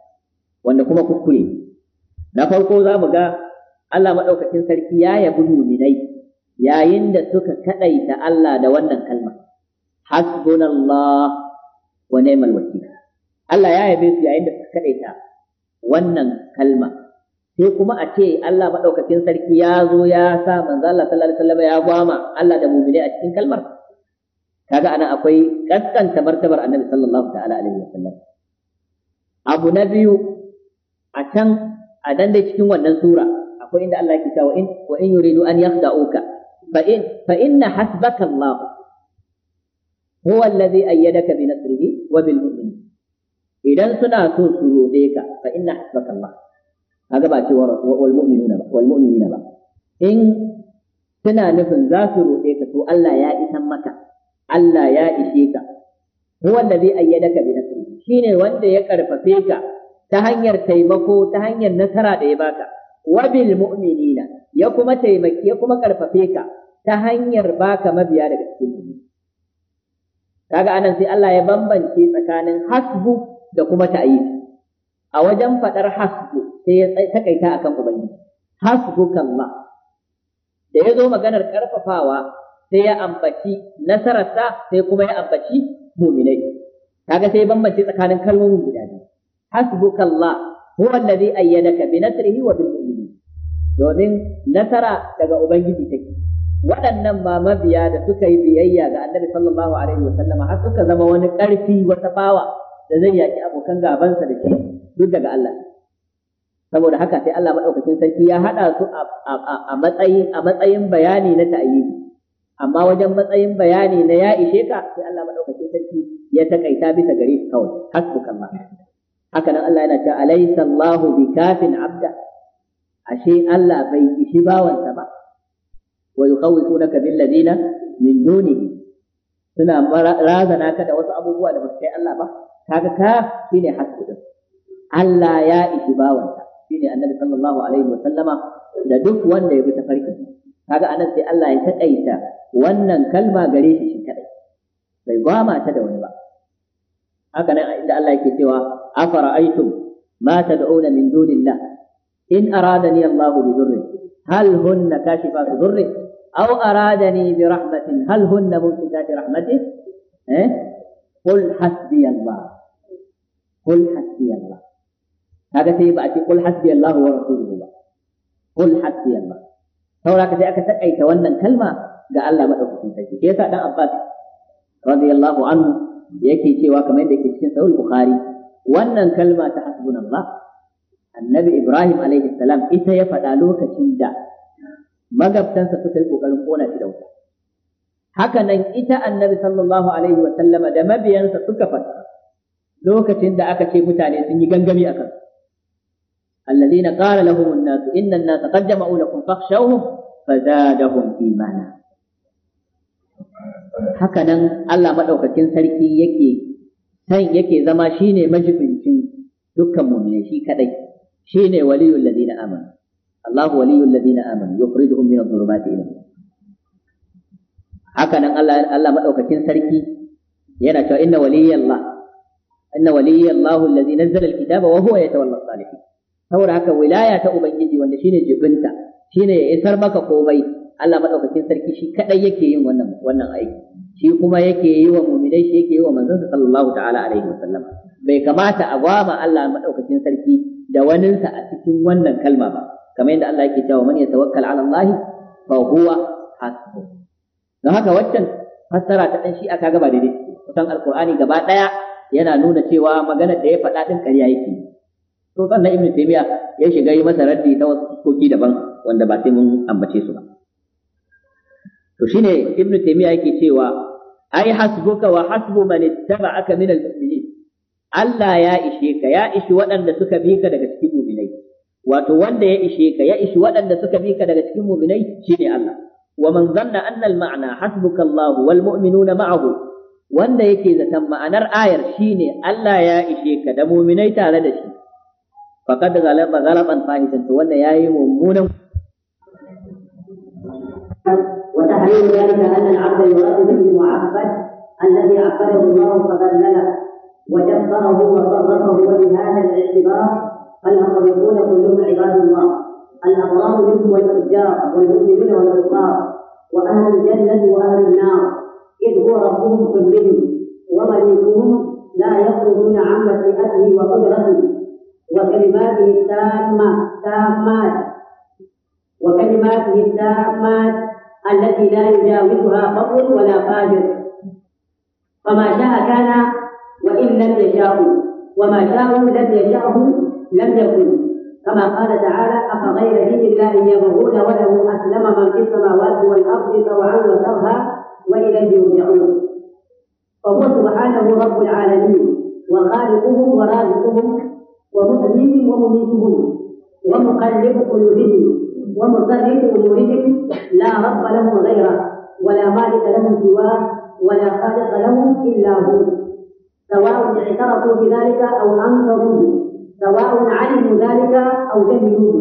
Speaker 1: wanda kuma kuskure na farko za mu ga Allah madaukakin sarki ya yabi mu'minai yayin da suka kadaita Allah da wannan kalma hasbunallah wa ni'mal wakil Allah ya yabe su yayin da suka kadaita wannan kalma sai kuma a ce Allah madaukakin sarki ya zo ya sa manzo Allah sallallahu alaihi wasallam ya gwama Allah da mu'mini a cikin kalmar kaga ana akwai kaskanta martabar annabi sallallahu ta'ala alaihi wasallam abu na biyu a can a dan dai cikin wannan sura akwai inda Allah yake cewa in wa in yuridu an yakhda'uka fa in fa inna hasbaka Allah huwa alladhi ayyadaka bi nasrihi wa bil mu'minin idan suna so su rode ka fa inna hasbaka Allah ga ba cewa wal ba in suna nufin za su roƙe ka to Allah ya isan maka Allah ya ishe ka huwa allazi ayyadaka bi nasri shine wanda ya karfafe ka ta hanyar taimako ta hanyar nasara da ya baka wabil mu'minina ya kuma taimaki ya kuma karfafe ka ta hanyar baka mabiya daga cikin mu'mini kaga anan sai Allah ya bambance tsakanin hasbu da kuma ta'yid a wajen faɗar hasbu sai ya takaita akan ubangiji hasbu ma da ya zo maganar karfafawa sai ya ambaci nasararsa sai kuma ya ambaci muminai kaga sai bambance tsakanin kalmomin guda biyu hasbukallah huwa allazi ayyadaka bi nasrihi wa bil mu'minin domin nasara daga ubangiji take waɗannan ma mabiya da suka yi biyayya ga annabi sallallahu alaihi wa sallama har suka zama wani ƙarfi wata bawa da zai yaki abokan gabansa da shi duk daga Allah saboda haka sai Allah madaukakin sarki ya haɗa su a matsayin a matsayin bayani na ta'ayyidi amma wajen matsayin bayani na ya ishe ka sai Allah madaukakin sarki ya takaita bisa gare shi kawai hasbukallah haka nan Allah yana cewa alaysa Allahu bikafin abda ashe Allah bai ishi bawansa ba wa yukhawifunaka bil ladina min dunihi suna razana ka da wasu abubuwa da ba su kai Allah ba kaga ka shine hasbudin Allah ya ishi bawansa shine annabi sallallahu alaihi wasallama da duk wanda ya bi tafarkin kaga anan sai Allah ya takaita wannan kalma gare shi shi kadai bai gwama ta da wani ba haka nan inda Allah yake cewa afara'aytum ma tad'una min dunillah in aradani Allah bi dhurri hal hunna kashifatu dhurri aw aradani bi rahmatin hal hunna mumsikati rahmati eh qul hasbi Allah qul hasbi Allah kaga sai ba a ce qul hasbi Allah wa rasuluhu ba qul hasbi Allah saboda sai aka takaita wannan kalma ga Allah madaukakin sarki sai yasa dan Abbas radiyallahu anhu yake cewa kamar yadda yake cikin sahih Bukhari wannan kalma ta hasbunallah annabi Ibrahim alaihi salam ita ya faɗa lokacin da magabtansa suka yi kokarin kona shi da wuta haka nan ita annabi sallallahu alaihi wa sallama da mabiyansa suka faɗa lokacin da aka ce mutane sun yi gangami a kansu alladhina qala lahum an-nas inna an-nasa qad jama'u lakum fakhshawhum fazadahum imana haka nan Allah madaukakin sarki yake san yake zama shine majibincin dukkan mu'mini shi kadai shine waliyul ladina amanu Allahu waliyul ladina amanu yukhrijuhum min adh-dhulumati ila nur haka nan Allah Allah madaukakin sarki yana cewa inna waliyallah inna waliyallahu alladhi nazzala alkitaba wa huwa yatawalla saboda haka wilaya ta ubangiji wanda shine jibinta shine ya isar maka komai Allah madaukakin sarki shi kadai yake yin wannan wannan aiki shi kuma yake yi wa mu'minai shi yake yi wa manzon sallallahu ta'ala alaihi wasallam bai kamata a gwama Allah madaukakin sarki da waninsa a cikin wannan kalma ba kamar yadda Allah yake cewa man yatawakkal ala Allah fa huwa hasbuh don haka waccan fassara ta dan shi aka gaba daidai kusan alqur'ani gaba daya yana nuna cewa magana da ya faɗa din ƙarya yake to na ibnu taymiya ya shiga yi masa raddi ta wasu koki daban wanda ba sai mun ambace su ba to shine ibnu taymiya yake cewa ai hasbuka wa hasbu man ittaba'aka min al-mu'minin Allah ya ishe ka ya ishi waɗanda suka bi ka daga cikin mu'minai wato wanda ya ishe ka ya ishi waɗanda suka bi ka daga cikin mu'minai shine Allah wa man zanna anna al-ma'na hasbuka Allah wal mu'minuna ma'ahu wanda yake zaton ma'anar ayar shine Allah ya ishe ka da mu'minai tare da shi فقد ghalaba غلبا fahishan تولى يا ايها المؤمنون
Speaker 2: وتحريم ذلك أن العبد يرد به المعبد الذي عبده الله فغلله وجبره وصرفه وبهذا الاعتبار فالمخلوقون كلهم عباد الله الأبرار منهم والفجار والمؤمنون والكفار وأهل الجنة وأهل النار إذ هو ربهم كلهم ومليكهم لا يخرجون عن مشيئته وقدرته وكلماته التامة تامات وكلماته التامات التي لا يجاوزها فضل ولا فاجر فما شاء كان وإن لم يشاءوا وما شاءوا لم يشاءه لم يكن كما قال تعالى أفغير دين الله يبغون وله أسلم من في السماوات والأرض طوعا وكرها وإليه يرجعون فهو سبحانه رب العالمين وخالقهم ورازقهم ومؤمن ومميتهن ومقلب قلوبهم ومصرف امورهم لا رب لهم غيره ولا مالك لهم سواه ولا خالق لهم الا هو سواء اعترفوا بذلك او انكروا سواء علموا ذلك او جهلوا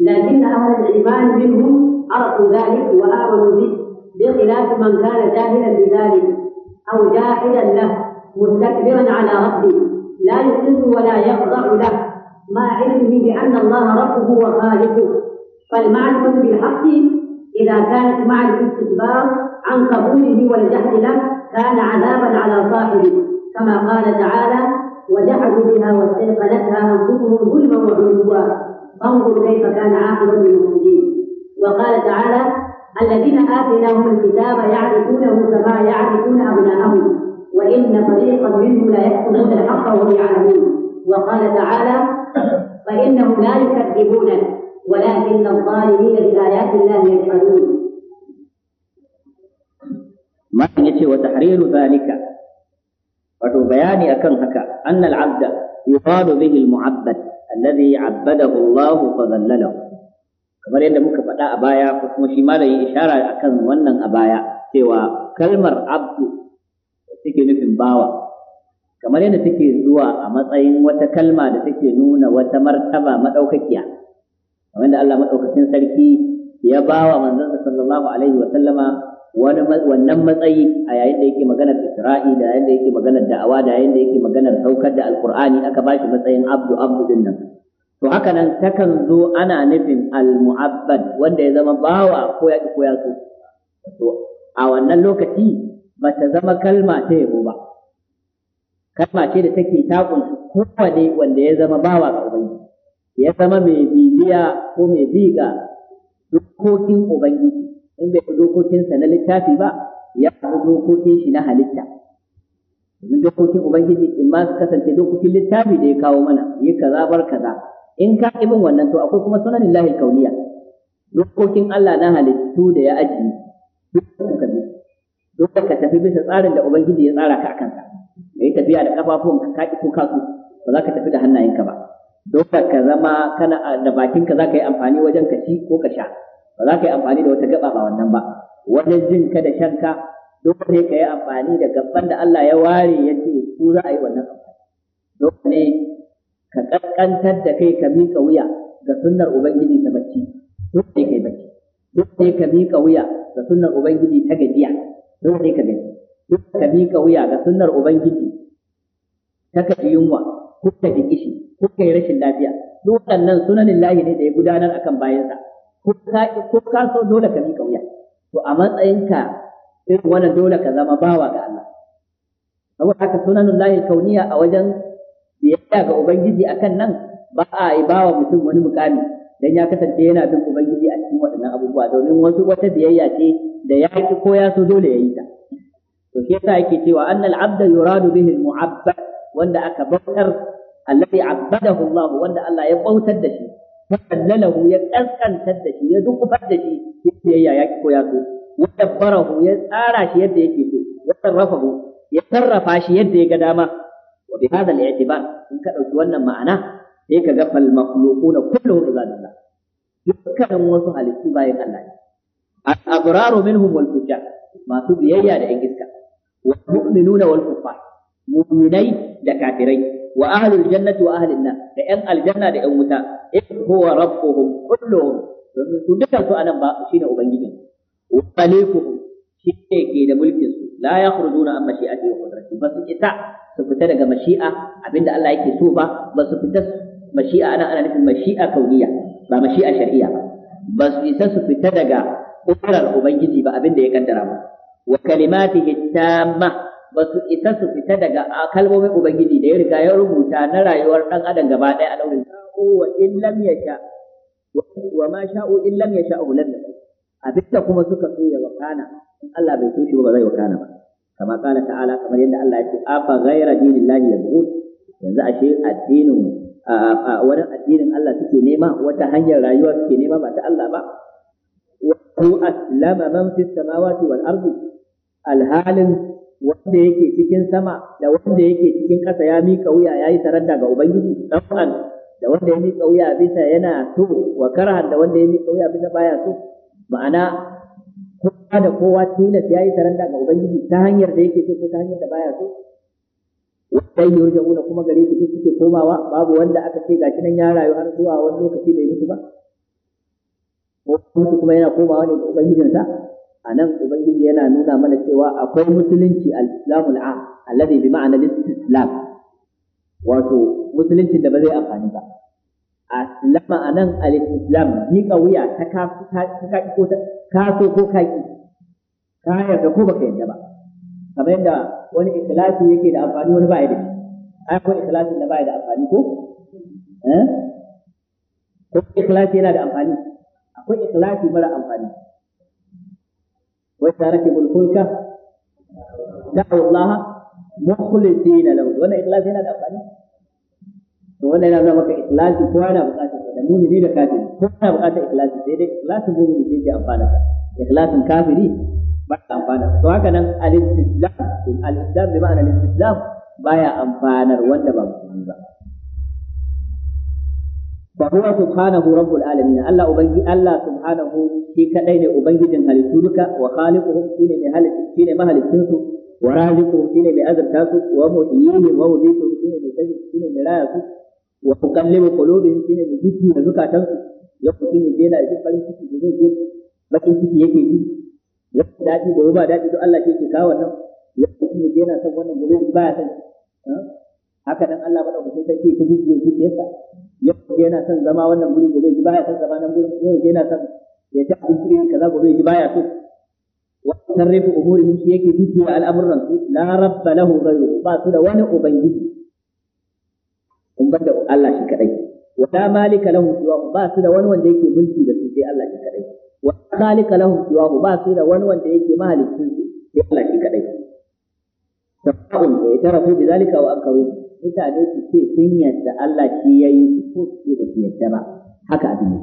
Speaker 2: لكن اهل الايمان منهم عرفوا ذلك وامنوا به بخلاف من كان جاهلا بذلك او جاحدا له مستكبرا على ربه لا يسر ولا يخضع له مع علمه بأن الله ربه وخالقه فالمعرفة بالحق إذا كانت مع الاستكبار عن قبوله والجهل له كان عذابا على صاحبه كما قال تعالى وجحدوا بها واستيقنتها أنفسهم ظلما وعلوا فانظر كيف كان عاقبة المسلمين وقال تعالى الذين آتيناهم الكتاب يعرفونه كما يعرفون أبناءهم وإن فريقا منهم لا يكتمون الحق وهم يعلمون وقال تعالى فإنهم لا يكذبونك ولكن الظالمين بآيات الله يجحدون
Speaker 1: Malam ya ce wa tahriru zalika wato bayani akan haka annal abda yufadu bihi al-mu'abbad alladhi 'abbadahu Allah fa dhallalahu kamar yadda muka faɗa a baya ko kuma shi malam ya ishara akan wannan a baya cewa kalmar abdu suke nufin bawa kamar yadda take zuwa a matsayin wata kalma da take nuna wata martaba madaukakiya kamar da Allah madaukakin sarki ya bawa manzon sallallahu alaihi wa sallama wannan matsayi a yayin da yake maganar Isra'i da yayin da yake maganar da'awa da yayin da yake maganar saukar da Alkur'ani aka ba shi matsayin abdu abdu din nan to haka nan takan zo ana nufin al wanda ya zama bawa ko ya ko ya so to a wannan lokaci ba ta zama kalma ta yabo ba kalma ce da take ta kunshi kowane wanda ya zama bawa ga ubangiji ya zama mai bibiya ko mai biga dokokin ubangiji in bai bi dokokinsa na littafi ba ya fi dokokin shi na halitta domin dokokin ubangiji in ma su kasance dokokin littafi da ya kawo mana yi kaza bar kaza in ka ibin wannan to akwai kuma sunanin lahil kauniya dokokin Allah na halittu da ya ajiye duk ka tafi bisa tsarin da ubangiji ya tsara ka akan sa kai tafiya da kafafun ka kaki ko kasu ba za ka tafi da hannayenka ba duk ka zama kana da bakin ka za ka yi amfani wajen ka ci ko ka sha ba za ka yi amfani da wata gaba ba wannan ba wajen jin ka da shan ka dole ka yi amfani da gaban da Allah ya ware ya ce su za a yi wannan amfani dole ne ka kaskantar da kai ka miƙa wuya ga sunnar ubangiji ta bacci duk ne kai bacci duk ne ka miƙa wuya ga sunnar ubangiji ta gajiya don sai ka gani duk ka miƙa wuya ga sunnar ubangiji ta ka ji yunwa ko ka ji kishi ko ka yi rashin lafiya duk waɗannan sunanin lahi ne da ya gudanar akan bayansa ko ka ko ka so dole ka miƙa wuya to a matsayinka irin wannan dole ka zama bawa ga Allah saboda haka sunan lahi kauniya a wajen biyayya ga ubangiji akan nan ba a yi bawa mutum wani mukami dan ya kasance yana bin ubangiji a cikin waɗannan abubuwa domin wasu wata biyayya ce da ya ki ko ya so dole ya yi ta to shi yasa yake cewa annal abda yuradu bihi al-mu'abbad wanda aka bautar alladhi abadahu Allah wanda Allah ya bautar da shi fallalahu ya kaskantar da shi ya dukufar da shi yayya ya ki ko ya so wa dabbarahu ya tsara shi yadda yake so ya sarrafahu ya sarrafa shi yadda ya ga dama wa bi hadha al-i'tibar in ka dauki wannan ma'ana sai ka ga fal makhluquna kulluhum ibadullah dukkan wasu halittu bayan Allah ne abraru minhum wal fujjar masu biyayya da yan iska wa mu'minuna wal kuffar mu'minai da kafirai wa ahlul jannati wa ahlin da yan aljanna da yan wuta in huwa rabbuhum kulluhum domin su dukan su anan ba shine ubangijin wa malikuhum shi ne ke da mulkin su la yakhrujuna amma shi'ati wa qudrati ba su kita su fita daga mashi'a abinda Allah yake so ba su fita mashi'a ana ana nufin mashi'a kauniya ba mashi'a shar'iyya ba ba su isa su fita daga kudurar ubangiji ba abin da ya kaddara ba wa kalimatihi tamma ba su isa su fita daga kalmomin ubangiji da ya riga ya rubuta na rayuwar ɗan adam gaba ɗaya a launin wa in lam sha. wa ma sha'u in lam yasha lam Abin abinda kuma suka so ya wakana in Allah bai so shi ba zai wakana ba kama kala ta'ala kamar yadda Allah ya ce a afa ghaira dinillahi yabghut yanzu ashe addinin wani addinin Allah suke nema wata hanyar rayuwa suke nema ba ta Allah ba ko aslama man fi samawati wal ardi alhalin wanda yake cikin sama da wanda yake cikin ƙasa ya mika wuya yayi saranda ga ubangiji dan da wanda ya mika wuya bisa yana so wa karhan da wanda ya mika wuya bisa baya so ma'ana kowa da kowa tilas ya yi saranda ga ubangiji ta hanyar da yake so ko ta hanyar da baya so wanda yi rujau kuma gare su suke komawa babu wanda aka ce gashi nan ya rayu har zuwa wani lokaci bai mutu ba mutu kuma yana komawa ne ga ubangijinsa a nan ubangiji yana nuna mana cewa akwai musulunci al-islamul am alladhi bi ma'ana al-islam wato musulunci da ba zai amfani ba A anan al-islam bi qawiya ta ka ta ko ta ka so ko ka ki ka yarda ko baka yarda ba kamar yadda wani ikhlasi yake da amfani wani ba ya da ai ko ikhlasin da ba ya da amfani ko eh ko ikhlasi yana da amfani akwai ikhlasi mara amfani wai tare ke bulkunka da'a Allah mukhlisina lahu wannan ikhlasi yana da amfani to wannan yana zama ka ikhlasi ko yana bukatar da mu'mini da kafiri ko yana bukatar ikhlasi sai dai ikhlasin mu'mini ne ke amfana ikhlasin kafiri ba ta amfana to haka nan al-istislam al-istislam bi ma'ana al-istislam baya amfanar wanda ba musulmi ba fa huwa subhanahu rabbul alamin Allah ubangi Allah subhanahu shi kadai ne ubangijin halittu duka wa khaliquhum shine mai halittu shine mahaliccin su wa raziquhum shine mai azurta su wa muhyihim wa mudituhum shine mai kaji shine mai raya su wa muqallibu qulubihim shine mai jiki da zukatan su lokacin da yana jin farin ciki da zai je bakin ciki yake ji ya daɗi gobe ba daɗi to Allah ke dan Allah madaukakin sarki ta jiji yau yana son zama wannan gurin gobe ji baya son zama nan gurin yau yana son ya ci abinci ne kaza gobe ji baya so wa sarrafa umurin shi yake dukiya al'amuran su la rabba lahu ghayru ba su da wani ubangiji kun bar da Allah shi kadai wa la malika lahu siwa ba su da wani wanda yake mulki da su sai Allah shi kadai wa malika lahu siwa ba su da wani wanda yake mahalicin su sai Allah shi kadai tafaun ya tarafu bi zalika wa ankaru mutane su ce sun yadda Allah shi ya yi ko su ce ba su yadda ba haka abin ne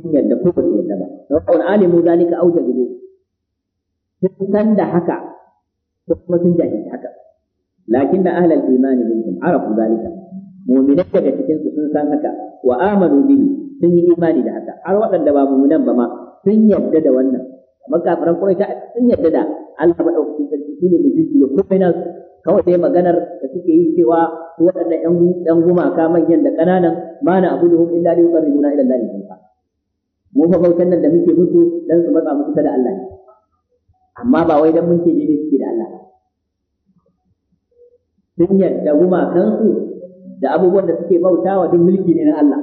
Speaker 1: sun yadda ko ba su yadda ba sawa'un alimu ka au jahilu sun san da haka ko kuma sun jahilci haka lakin da ahlal imani minkum arafu zalika mu'minai daga cikin su sun san haka wa amanu bihi sun yi imani da haka har waɗanda ba mu'minan ba ma sun yadda da wannan kamar kafiran kuma sun yadda da Allah madaukakin sarki shine mai jijjiya komai nasu kawai sai maganar da suke yi cewa su waɗannan ƴan gumaka manyan da ƙananan ba na abu da hukun illa liyu ƙarfi guna ilan lalin jinka mu fa bautan nan da muke musu dan su matsa musu da Allah ne amma ba wai dan mun ce ne suke da Allah sun yadda su da abubuwan da suke bautawa duk mulki ne na Allah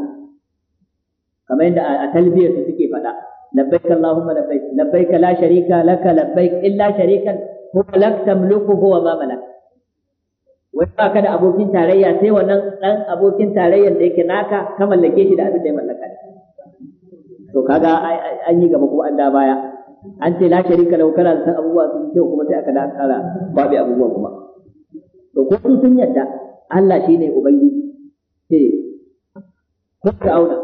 Speaker 1: kamar yadda a talbiyar su suke faɗa لبيك اللهم لبيك لبيك لا شريك لك لبيك إلا شريكا هو لك تملكه ma ملك wai ba ka da abokin tarayya sai wannan dan abokin tarayyar da yake naka ka mallake shi da abin da ya mallaka to kaga an yi gaba kuma an da baya an ce la sharika lahu kana san abubuwa sun ce kuma sai aka da kara babu abubuwa kuma to ko su sun yadda Allah shine ubangiji ce ko auna?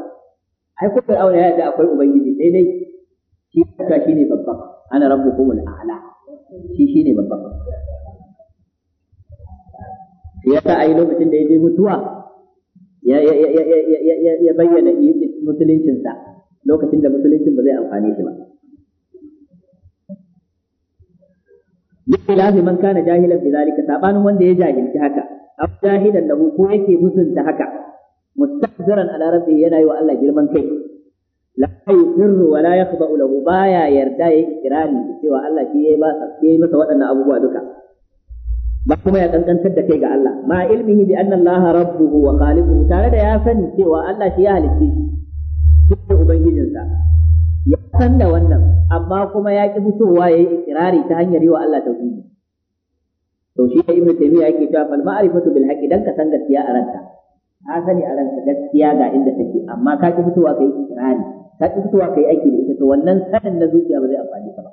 Speaker 1: ai ko ka auna yadda akwai ubangiji Dai dai shi ka shine babba ana rabbukumul a'la shi shine babba ya sa a yi lokacin da ya je mutuwa ya bayyana musuluncinsa lokacin da musuluncin ba zai amfani shi ba. Duk da lafi man kana jahilan fi zalika sabanin wanda ya jahilci haka aw jahilan lahu ko yake musunta haka mustaqdiran ala rabbi yana yi wa Allah girman kai la yusirru wa la yakhba'u lahu baya yarda yayi ikrari cewa Allah shi yayi ba sa masa waɗannan abubuwa duka ba kuma ya kankantar da kai ga Allah ma ilmihi bi anna Allah rabbuhu wa khaliquhu tare da ya sani cewa Allah shi ya halicce shi shi ubangijinsa ya san da wannan amma kuma ya ki fitowa yayi ikirari ta hanyar yiwa wa Allah tauhidi to shi da ibnu taymiya yake cewa fal ma'rifatu bil haqqi dan ka san gaskiya a ranka ka sani a ranka gaskiya ga inda take amma ka ki fitowa kai ikirari ka ki fitowa kai aiki da ita to wannan sanin na zuciya ba zai amfani ka ba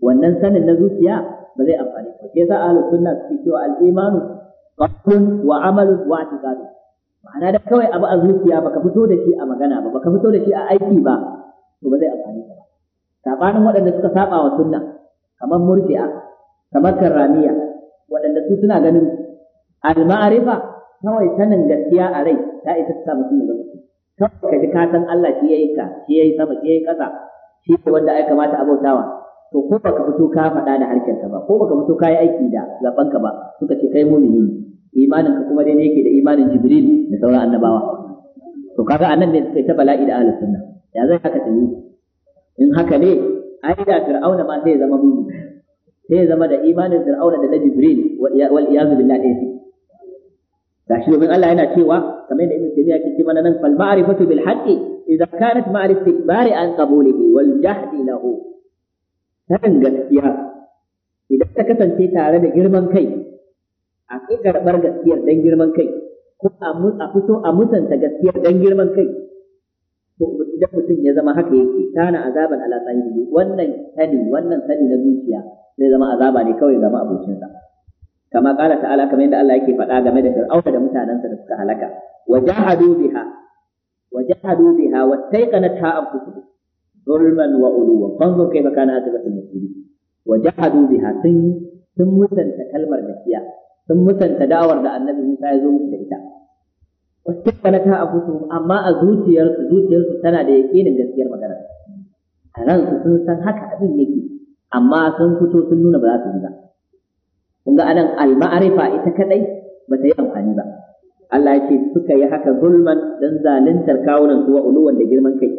Speaker 1: wannan sanin na zuciya ba zai amfani ba shi yasa ahlus sunna suke cewa al-imanu qaulun wa amalun wa i'tiqadun ma'ana da kawai abu a zuciya baka fito da shi a magana ba baka fito da shi a aiki ba to ba zai amfani ba sabanin waɗanda suka saba wa sunna kamar murji'a kamar karramiya waɗanda su suna ganin al-ma'rifa kawai sanin gaskiya a rai ta isa ta mutum ya zama kawai ka ji ka san Allah shi yayi ka shi yayi sama shi yayi ƙasa shi ne wanda ai kamata a to ko baka fito ka faɗa da harshen ka ba ko baka fito ka yi aiki da zaben ka ba suka ce kai mumini ne imanin ka kuma dai ne yake da imanin jibril da sauran annabawa to kaga anan ne suka yi ta bala'i da ahlus sunna ya zai haka tayi in haka ne ai da fir'auna ma sai ya zama mumini sai ya zama da imanin fir'auna da na jibril wal iyazu billahi ɗaya ce gashi domin Allah yana cewa kamar yadda Ibn Taymiyyah ke cewa nan fal ma'rifatu bil haqqi idza kanat ma'rifatu bari an qabulihi wal jahdi lahu kan gaskiya idan ta kasance tare da girman kai a kai karɓar gaskiyar dan girman kai ko a fito a musanta gaskiyar dan girman kai to idan mutum ya zama haka yake tana azaban ala ne wannan sani wannan sani na zuciya zai zama azaba ne kawai zama abokinsa kama kala ta'ala kamar yadda Allah yake faɗa game da fir'auna da mutanensa da suka halaka wajahadu biha wajahadu biha wattaqanatha anfusuhum ظلما وعلوا فانظر كيف كان عاقبة المسلمين وجحدوا بها سن سن مسنت كلمة gaskiya sun musanta da'awar da annabi Musa ya zo musu da ita wastafanata anfusuhum amma a zuciyarsu zuciyarsu tana da yakinin gaskiyar magana ransu sun san haka abin yake amma sun fito sun nuna ba za su yi ba kun ga anan al ita kadai ba ta yi amfani ba Allah ya ce suka yi haka zulman dan zaluntar kawunan su wa uluwan da girman kai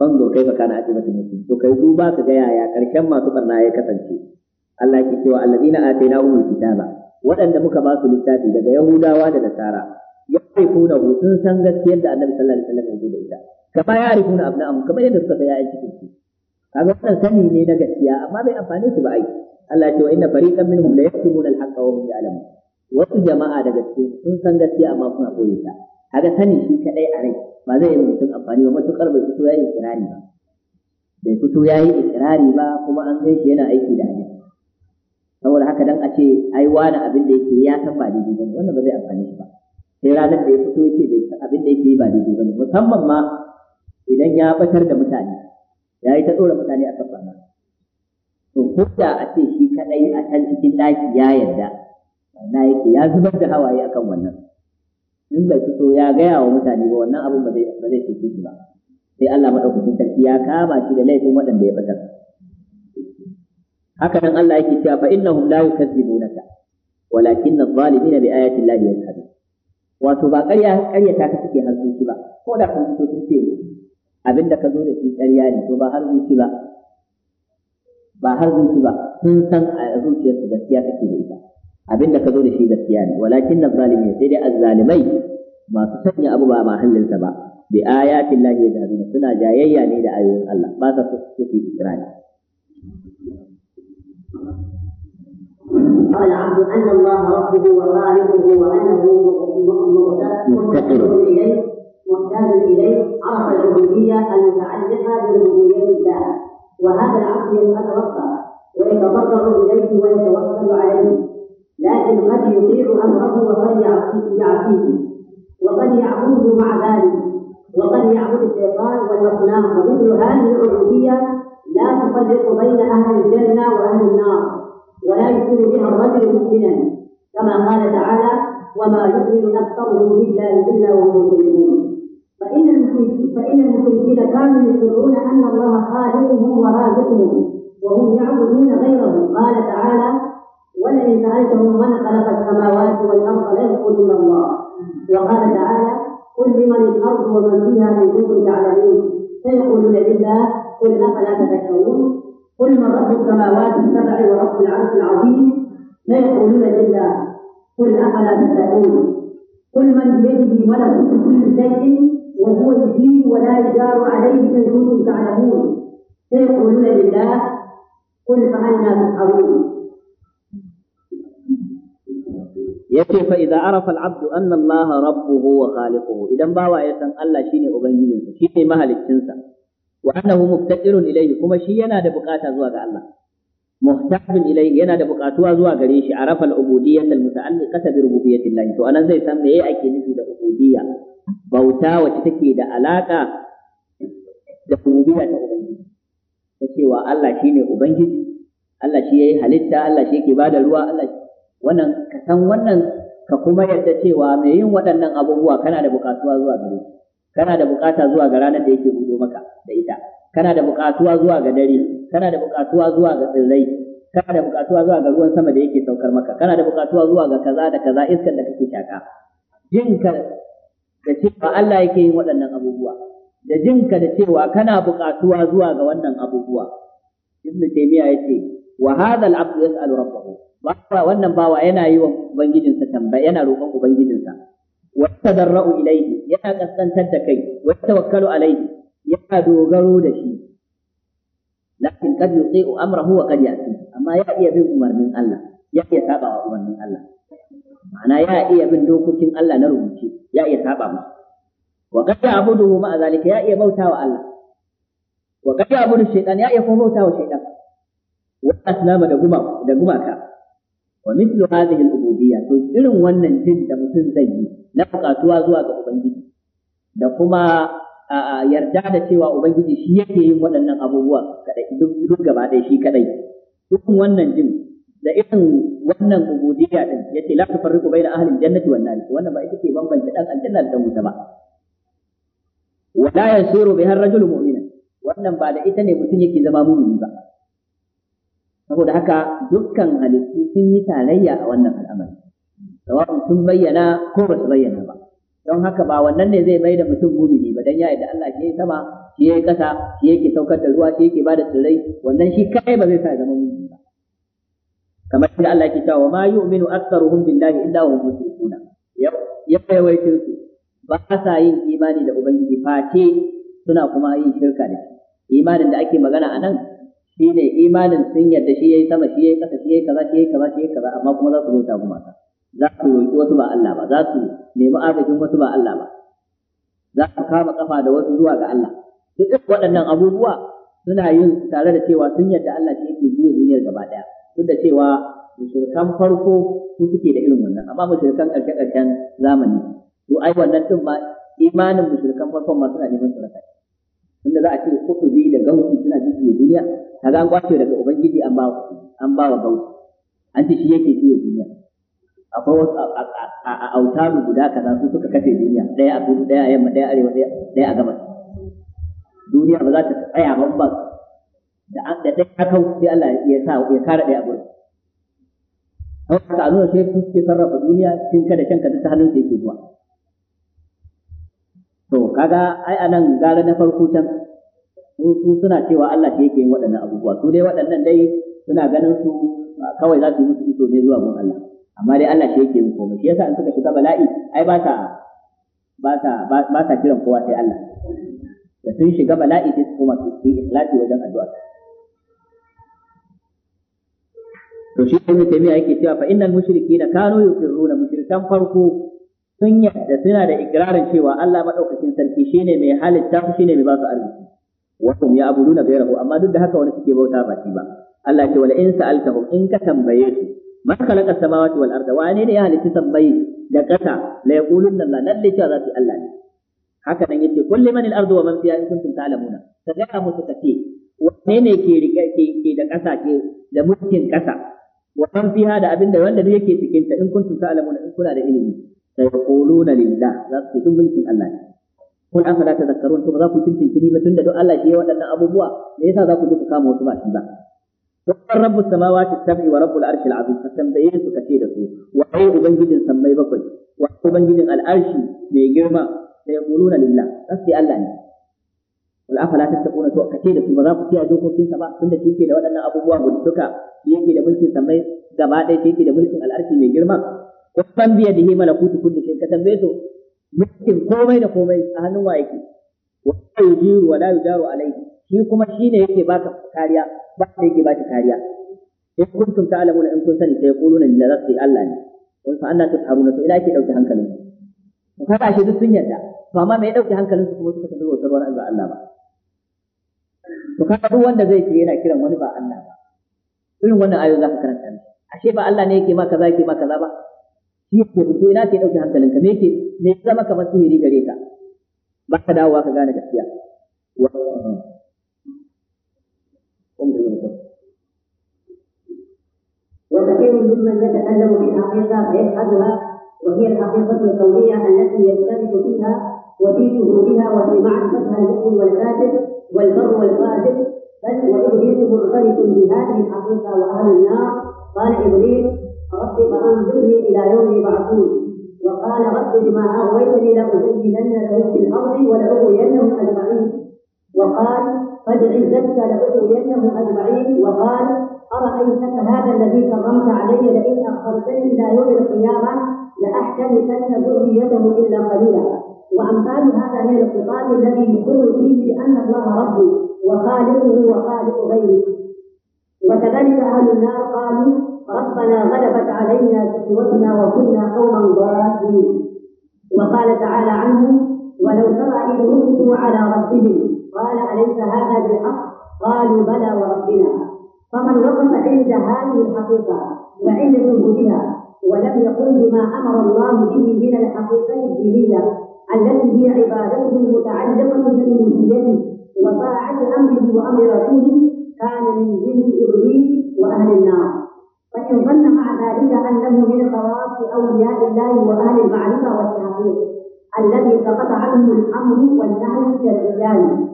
Speaker 1: fanzo kai na kana aqibatul mutum. to kai duba ka ga yaya karshen masu barna ya kasance Allah ke cewa alladina atainahumul kitaba waɗanda muka ba su littafi daga yahudawa da nasara yaqifuna sun san gaskiyar da annabi sallallahu alaihi wasallam ya da ita kama ya arifuna abna'ahum kamar yadda suka ya aiki su kaga wannan sani ne na gaskiya amma bai amfane su ba ai Allah ya ce wa inna fariqan minhum la yaktumuna al-haqqa wa hum ya'lamun wasu jama'a daga cikin sun san gaskiya amma suna koyi ta kaga sani shi kadai a rai ba zai yi mutum amfani ba matuƙar bai fito ya yi ikirari ba bai fito ya yi ikirari ba kuma an gaishe yana aiki da hadisi saboda haka dan a ce ai wani abin da yake ya san ba daidai ba wannan ba zai amfani shi ba sai ranar da ya fito yake bai san abin da yake yi ba daidai ba, musamman ma idan ya batar da mutane ya yi ta ɗora mutane a kan to ko da a ce shi kaɗai a can cikin ɗaki ya yarda na yake ya zubar da hawaye akan wannan in bai fito ya gaya wa mutane ba wannan abin ba zai cece shi ba sai Allah madaukakin sarki ya kama shi da laifin waɗanda ya fitar haka nan Allah yake cewa fa innahum la yukazzibunaka walakin adh-dhalimina bi ayati llahi yajhadun wato ba ƙarya ƙarya ta take har zuci ba ko da kun fito kun ce abinda ka zo da shi ƙarya ne to ba har zuci ba ba har zuci ba sun san a zuciyarsu gaskiya kake da ita abinda ka zo da shi gaskiya ne walakin zalimi sai dai azzalimai masu sanya abu ba mahallinsa ba bi ayatin lahi da abin suna jayayya ne da ayoyin Allah ba sa su fi ikirani
Speaker 2: قال عبد أن الله ربه وخالقه وأنه مفتقر إليه محتاج إليه عرف العبودية المتعلقة بربوبية الله وهذا العبد يتوقع ويتضرع إليه ويتوكل عليه لكن قد يطيع امره وقد يعصيه وقد يعبده مع ذلك وقد يعبد الشيطان والاصنام ومثل هذه العبوديه لا تفرق بين اهل الجنه واهل النار ولا يكون بها الرجل مؤمنا كما قال تعالى وما يؤمن اكثرهم الا الا وهم مسلمون فان فان كانوا يقولون ان الله خالقهم ورازقهم وهم يعبدون غيره قال تعالى والذي سألته من خلق السماوات والارض لا يقولون الا الله وقال تعالى قل لمن الارض ومن فيها من كنتم تعلمون فيقولون لله قل افلا تذكرون قل من رب السماوات السبع ورب العرش العظيم لا يقولون لله قل افلا تتقون قل من بيده ملكوت كل شيء وهو يجيب ولا يجار عليه ان كنتم تعلمون سيقولون لله قل فأنا تسحرون
Speaker 1: yace fa idza arafa al-abdu anna Allah rabbuhu wa khaliquhu idan bawa ya san Allah shine ubangijinsa shine mahaliccinsa wa annahu muftadirun ilayhi kuma shi yana da bukata zuwa ga Allah muhtajun ilayhi yana da bukatuwa zuwa gare shi arafa al-ubudiyyah al-muta'alliqata bi rububiyyatillah to anan zai san meye ake nufi da ubudiyya bauta wacce take da alaka da rububiyya ta ubangiji ta cewa Allah shine ubangiji Allah shi yayi halitta Allah shi yake bada ruwa Allah shi wannan ka san wannan ka kuma yadda cewa mai yin waɗannan abubuwa kana da buƙatuwa zuwa gare shi kana da buƙata zuwa ga ranar da yake buɗo maka da ita kana da buƙatuwa zuwa ga dare kana da buƙatuwa zuwa ga tsirrai kana da buƙatuwa zuwa ga ruwan sama da yake saukar maka kana da buƙatuwa zuwa ga kaza da kaza iskar da kake shaka jinka da cewa Allah yake yin waɗannan abubuwa da jinka da cewa kana buƙatuwa zuwa ga wannan abubuwa ibnu taymiya yace wa hadha al-abdu yas'alu wannan bawa yana yi wa ubangijinsa tambaya yana roƙon ubangijinsa wa tadarra'u ilayhi yana kaskantar da kai wa tawakkalu alayhi yana dogaro da shi lakin kad yuti'u amrahu wa kad ya'ti amma ya iya bin umarnin Allah ya iya saba wa umarnin Allah ma'ana ya iya bin dokokin Allah na rubuce ya iya saba masa wa kad ya'buduhu ma'a ya iya bautawa Allah ya iya kuma bautawa wa aslama da guma da gumaka wa mithlu hadhihi al-ubudiyya to irin wannan din da mutum لسوى yi na وانا zuwa ga ubangiji da kuma yarda da cewa ubangiji shi yake yin waɗannan abubuwa kadai duk gaba ɗaya shi kadai irin wannan da irin wannan ubudiyya din yace la tufarriqu baina ahli jannati wan nar wannan ba ita ce bambance dan aljanna da ba wala yasiru biha ar wannan ba da ita ne mutum yake zama mu'mini ba saboda haka dukkan halittu sun yi tarayya a wannan al'amari sawa'un sun bayyana ko ba su bayyana ba don haka ba wannan ne zai mai da mutum mumini ba don ya yi da Allah shi sama shi yi ƙasa shi ke saukar da ruwa shi ba bada tsirrai wannan shi kai ba zai sa zama mumini ba kamar da Allah ke cewa ma yu'minu aktsaruhum billahi illa hum mushrikuna yawaitin su ba sa yin imani da ubangiji face suna kuma yin shirka da imanin da ake magana a nan shi ne imanin sun yadda shi ya yi sama shi ya yi kasa shi ya yi kaza shi ya yi kaza shi ya yi kaza amma kuma za su bauta gumaka za su roƙi wasu ba Allah ba za su nemi arzikin wasu ba Allah ba za su kama kafa da wasu zuwa ga Allah duk waɗannan abubuwa suna yin tare da cewa sun yadda Allah shi yake biyo duniyar gaba ɗaya duk da cewa musulkan farko su suke da irin wannan amma musulkan ƙarshe-ƙarshen zamani to ai wannan din ma imanin musulkan farkon ma suna neman su inda za a cire kutubi da gauti suna jijiye duniya kaga an kwace daga ubangiji an ba an ba wa gauti an ce shi yake jiye duniya akwai wasu a autaru guda kaza su suka kafe duniya daya a kudu daya a yamma a arewa daya a gabas duniya ba za ta tsaya ba ba da an da ɗaya kau sai Allah ya sa ya kare ɗaya a gurin haka a nuna sai su ke sarrafa duniya cikin kada shanka ta hannun da yake zuwa to kaga ai nan gara na farko can su suna cewa Allah shi yake yin waɗannan abubuwa su dai waɗannan dai suna ganin su kawai za su yi musu iso ne zuwa gun Allah amma dai Allah shi yake yin komai shi yasa in suka shiga bala'i ai ba ta ba ta ba ta kiran kowa sai Allah da sun shiga bala'i sai su koma su yi ikhlasi wajen addu'a to shi ne taymiya yake cewa fa innal mushrikeena kanu yuqirruna mushrikan farko sun yadda suna da ikrarin cewa Allah madaukakin sarki shine mai halitta ku ne mai ba su arziki wa hum ya'buduna ghayrahu amma duk da haka wani suke bauta ba shi ba Allah ce wala in sa'altahum in ka tambaye su man khalaqa samawati wal arda wa ne ya halitta sammai da kasa la yaqulunna Allah lalle cewa zati Allah ne haka nan yace kulli man al ardu wa man fiha in kuntum ta'lamuna ka ga musu kace wane ne ke riga ke da ƙasa ke da mulkin ƙasa wa man fiha da abinda wanda duk yake cikin ta in kuntum ta'lamuna in kuna da ilimi sayaquluna lillah za su ce duk mulkin Allah ne kun an fada tazakkarun to ba za ku tintintini ba tunda duk Allah shi ya waɗannan abubuwa me yasa za ku je ku kama wasu ba shi ba Babban rabbus samawati sab'i wa rabbul arshil azim ka tambaye su kace da su wa ai ubangijin sammai bakwai wa ubangijin al'arshi mai girma sai ya kuluna lillah sai Allah ne wal afala tattaquna da su ba za ku dokokin ba shi ke da waɗannan duka yake da mulkin gaba ɗaya shi mulkin mai girma kusan biya da himala kutu kulli shay ka tambaye su mutum komai da komai a hannun wa yake wa yujiru wa la yujaru alaihi shi kuma shine yake baka kariya ba sai yake baki kariya in kuntum ta'lamuna in kun sani sai yaquluna lil rabbi Allah ne wa fa anna tusharuna to ila yake dauki hankalin ku kada shi duk sun yarda to amma me ya dauki hankalin su kuma suka tafi wutar wani ba Allah ba to ka duk wanda zai ce yana kiran wani ba Allah ba irin wannan za zaka karanta ashe ba Allah ne yake maka zaki maka za ba shi koyo na ke ɗauke hankalinka me ke me zama kamar sihiri gare ka ba ka dawowa ka gane gaskiya
Speaker 2: وكثير ممن يتكلم في الحقيقه فيجحدها وهي الحقيقه الكونيه التي يشترك فيها وفي شهودها وفي معرفتها المؤمن والكافر والبر والفاجر بل وابليس منفرد بهذه الحقيقه واهل النار قال ابليس رب فأنظرني إلى يوم يبعثون وقال رب بما أغويتني لأزينن لهم في الأرض ولأغوينهم أجمعين وقال قد عزتك لأغوينهم أجمعين وقال أرأيتك هذا الذي كرمت علي لئن أخرتني إلى يوم القيامة لأحتمسن ذريته إلا قليلا وأمثال هذا من الخطاب الذي يقر فيه بأن الله ربي وخالقه وخالق غيري وكذلك أهل النار قالوا ربنا غلبت علينا شقوتنا وكنا قوما ضالين وقال تعالى عنه ولو ترى إذ وقفوا على ربهم قال أليس هذا بالحق؟ قالوا بلى وربنا فمن وقف عند هذه الحقيقة وعند وجودها ولم يقم بما أمر الله به من الحقيقة الدينية التي هي عبادته المتعلقة بالوجود وطاعة أمره وأمر رسوله كان من جنس إبليس وأهل النار لكن ظن مع ذلك انه من خواص اولياء الله واهل المعرفه والتعقيد الذي سقط عنه الامر والنهي في الشرعيان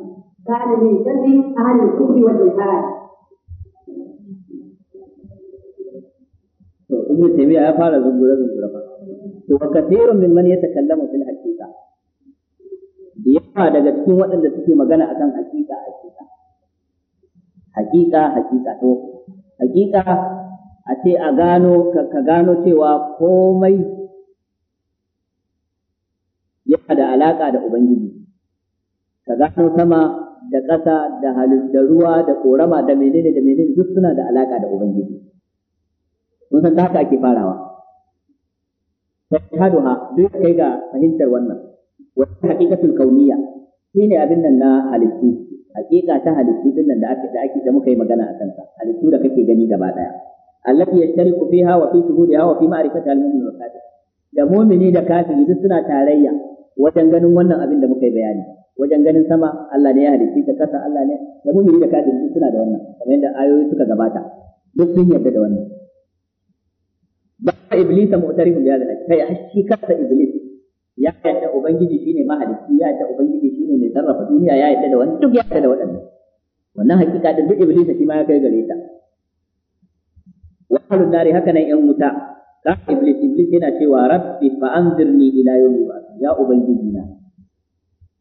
Speaker 2: كان من شر اهل الكفر والالحاد
Speaker 1: ابن تيمية يا فارة زنجورة زنجورة وكثير من من يتكلم في الحقيقة yawa daga cikin waɗanda suke magana akan hakika hakika hakika hakika to hakika a ce a gano ka gano cewa komai yana da alaƙa da Ubangiji, ka gano sama da ƙasa da halin da ruwa da ƙorama da menene da menene duk suna da alaƙa da Ubangiji. Mun san haka ake farawa. ha, duk kai ga fahimtar wannan. Wata haƙiƙatul kauniya shi ne abin nan na halittu, haƙiƙa ta halittu din nan da ake da muka yi magana a kansa, halittu da kake gani gaba ɗaya. allati yashtariku fiha wa fi shuhudiha wa fi ma'rifati al-mu'min wa kafir da mu'mini da kafiri duk suna tarayya wajen ganin wannan abin da muka yi bayani wajen ganin sama Allah ne ya halicci ta kasa Allah ne da mu'mini da kafiri duk suna da wannan kamar yadda ayoyi suka gabata duk sun yarda da wannan ba iblis mu'tarifun bi hadha kai hashi kasa iblis ya yadda ubangiji shine mahalicci ya yadda ubangiji shine mai sarrafa duniya ya yarda da wannan duk ya yarda da wannan wannan hakika da duk iblis shi ma ya kai gare ta wa ahlun nari haka nan yan wuta da iblis iblis yana cewa rabbi fa anzirni ila yawmi ba'ath ya ubangiji na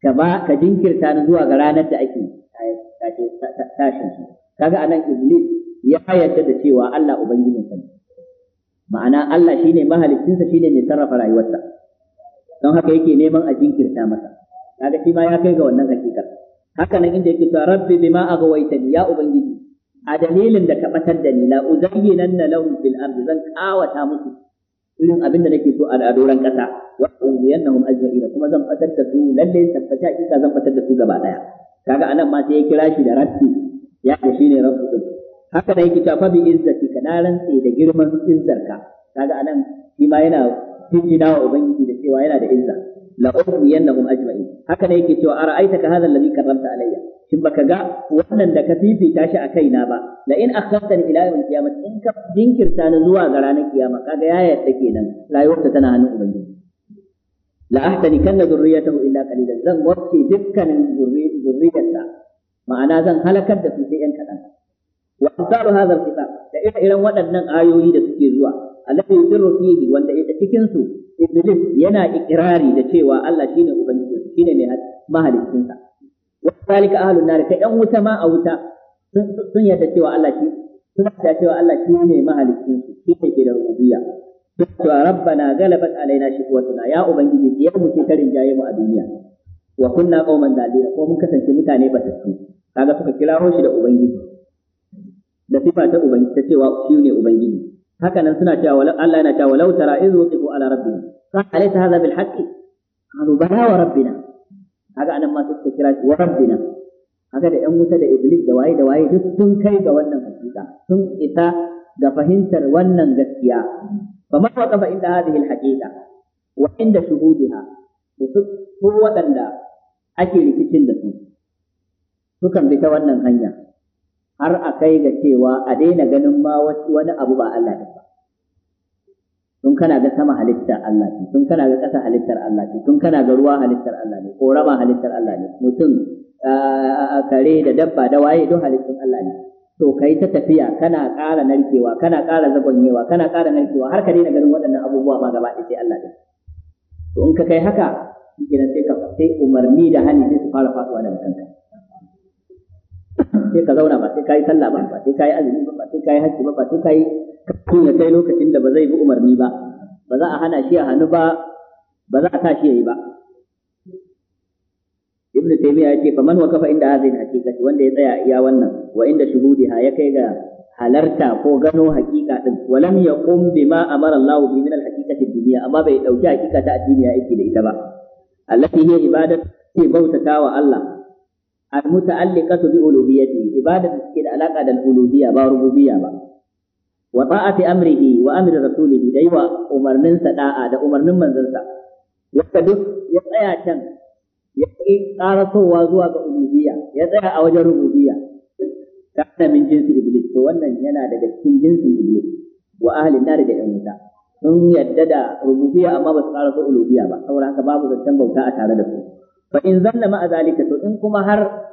Speaker 1: ka ba ka jinkirta ni zuwa ga ranar da ake tashin su kaga anan iblis ya yarda da cewa Allah ubangijin sa ma'ana Allah shine mahalicinsa shine mai sarrafa rayuwarsa don haka yake neman a jinkirta masa kaga shi ma ya kai ga wannan hakikar haka nan inda yake cewa rabbi bima aghwaytani ya ubangiji a dalilin da ka batar da ni la uzayyinanna lahum fil ardi zan kawata musu irin abin da nake so a doran kasa wa uzayyinahum ajma'ina kuma zan batar da su lalle tabbata kika zan batar da su gaba daya kaga anan ma sai ya kira shi da rabbi ya da shine rabbu din haka da yake tafa bi izzati ka daran sai da girman izzarka kaga anan shi ma yana jinjina wa ubangiji da cewa yana da izza la uzayyinahum ajma'in haka ne yake cewa ka hadha alladhi karramta alayya shin baka ga wannan da ka fifita shi a kaina ba la in akhartani ila yawm qiyamah in ka jinkirta ni zuwa ga ranar kiyama kaga ya yadda kenan rayuwarka tana hannun ubangiji la ahtani kanna zurriyatahu illa qalilan zan wacce dukkanin zurriyarsa ma'ana zan halakar da su sai yan kadan wa amsalu hadha alkitab da ira-iran waɗannan ayoyi da suke zuwa allati yusirru fihi wanda ita cikin su iblis yana ikrari da cewa Allah shine ubangiji shine mai mahaliccinsa wa zalika ahlun nar kai yan wuta ma a wuta sun yarda cewa Allah shi sun yarda cewa Allah shi ne mahalicin su shi ne ke da rububiyya to rabbana galabat alaina shiqwatuna ya ubangiji ya mu ce karin jaye mu a duniya wa kunna qauman dalila ko mun kasance mutane batattu kaga suka kirawo shi da ubangiji da sifa ta ta cewa shi ne ubangiji haka suna cewa Allah yana cewa law ala wa Haka anan ma suka kira shi wa rabbina kaga da yan wuta da iblis da waye da waye duk sun kai ga wannan hakika sun isa ga fahimtar wannan gaskiya fa ma waqafa inda hadhihi alhaqiqa wa inda shuhudiha da duk ko waɗanda ake rikicin da su sukan bi ta wannan hanya har a kai ga cewa a daina ganin ma wani abu ba Allah da tun kana ga sama halittar Allah ne, tun kana ga ƙasa halittar Allah ne, tun kana ga ruwa halittar Allah ne ko rama halittar Allah ne mutum kare da dabba da waye duk halittun Allah ne to kai ta tafiya kana ƙara narkewa kana ƙara zagonyewa kana ƙara narkewa har ka daina ganin waɗannan abubuwa ma gaba ɗaya sai Allah ne to in ka kai haka shi sai ka sai umarni da hannu sai su fara faɗuwa da kanka sai ka zauna ba sai ka yi sallah ba ba sai ka yi azumi ba ba sai ka yi hajji ba ba sai ka yi kafin ya kai lokacin da ba zai bi umarni ba ba za a hana shi a hannu ba ba za a sa shi ya yi ba ibn taymiya yace fa man waqafa inda hadhihi haqiqati wanda ya tsaya iya wannan wa inda shuhudiha ya kai ga halarta ko gano haqiqa din walam yaqum bima amara Allah bi min al-haqiqati ad-dunya amma bai dauki haqiqa ta addini ya yake da ita ba allati hiya ibadat ce bautata wa Allah al-muta'alliqatu bi uluhiyyati ibadar da suke da alaka da al'uluhiyya ba rububiyya ba wa ta'ati amrihi wa amri rasulihi dai wa umarnin sa da'a da umarnin manzansa wanda duk ya tsaya can ya yi karasowa zuwa ga uluhiyya ya tsaya a wajen rububiyya kana min jinsi iblis to wannan yana daga cikin jinsin iblis wa ahli nar da yan wuta sun yadda da rububiyya amma ba su karaso uluhiyya ba saboda haka babu zancen bauta a tare da su fa in zanna ma'a zalika to in kuma har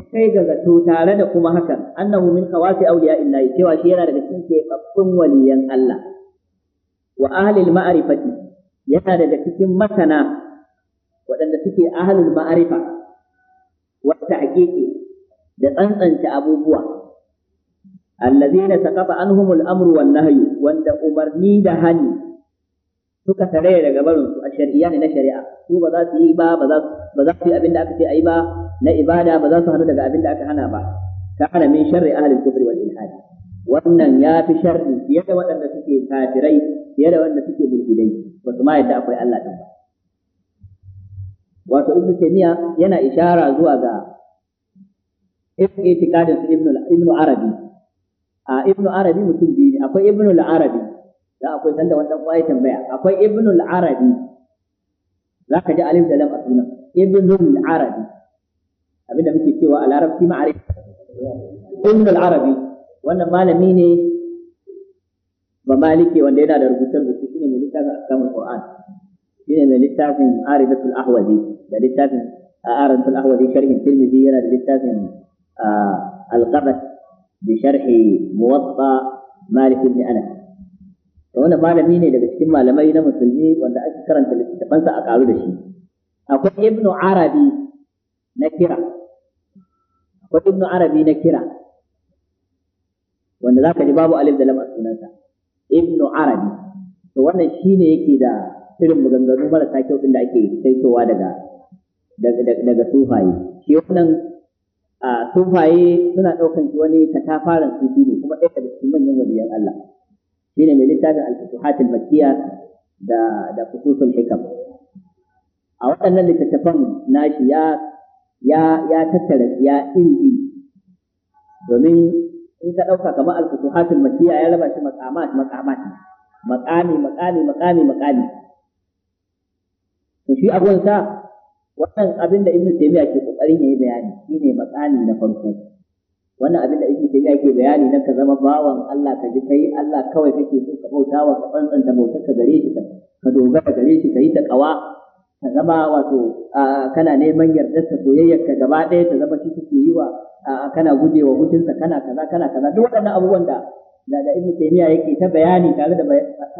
Speaker 1: ya kai ga zato tare da kuma hakan annahu min khawasi awliya illahi cewa shi yana daga cikin keɓaɓɓun waliyan Allah wa ahlil ma'rifati yana daga cikin masana waɗanda suke ahlul ma'rifa wata hakiki da tsantsance abubuwa allazina taqata anhumul amru wan nahyu wanda umarni da hani suka tare daga barin su a shari'a ne na shari'a su ba za su yi ba ba za su yi abin da aka ce ayi ba na ibada ba za su hana daga abin da aka hana ba Ka hana min sharri ahlul kufri wal ilhad wannan ya fi sharri fiye da waɗanda suke kafirai fiye da waɗanda suke mulkidai ba su ma yadda akwai Allah din ba wato ibnu taymiya yana ishara zuwa ga itiqadin su ibnu ibnu arabi a ibnu arabi mutum biyu ne akwai ibnu arabi da akwai sanda wanda kwaye tambaya akwai ibnu arabi zaka ji alif da lam a sunan ibnu arabi abinda muke cewa a larabci ma'arif ibn al-arabi wannan malami ne ba maliki wanda yana da rubutun rubutu shine mai littafin ahkamul qur'an shine mai littafin aridatul ahwazi da littafin aridatul ahwazi sharhin tirmidhi yana da littafin al-qabat bi sharhi muwatta malik ibn anas da wani malami ne daga cikin malamai na musulmi wanda ake karanta littattafansa a karu da shi akwai ibnu arabi na kira ko arabi na kira wanda ka ji babu alif da lam a sunansa ibnu arabi to wannan shine yake da irin maganganu marasa kyau din da ake kaitowa daga daga sufaye shi wannan a sufaye suna ɗaukan shi wani katafaren sufi ne kuma ɗaya daga cikin manyan waliyan Allah shine mai littafin al-futuhat al-makkiyya da da fususul hikam a waɗannan littattafan nashi ya ya ya tattara ya iri domin in ka ɗauka kamar al-futuhatul makiyya ya raba shi maqamat maqamat maqami maqami maqami maqami to shi abun sa wannan abin da ibnu taymiya ke kokarin yayi bayani shine maqami na farko wannan abin da ibnu taymiya ke bayani na ka zama bawan Allah ka ji kai Allah kawai kake so ka bauta wa ka da bautar ka gare shi ka dogara gare shi ka yi ta kawa ka zama wato kana neman yardarsa soyayyar ka gaba ɗaya ta zama shi suke yi wa kana gujewa hutunsa kana kaza kana kaza duk waɗannan abubuwan da da da ibnu taymiya yake ta bayani tare da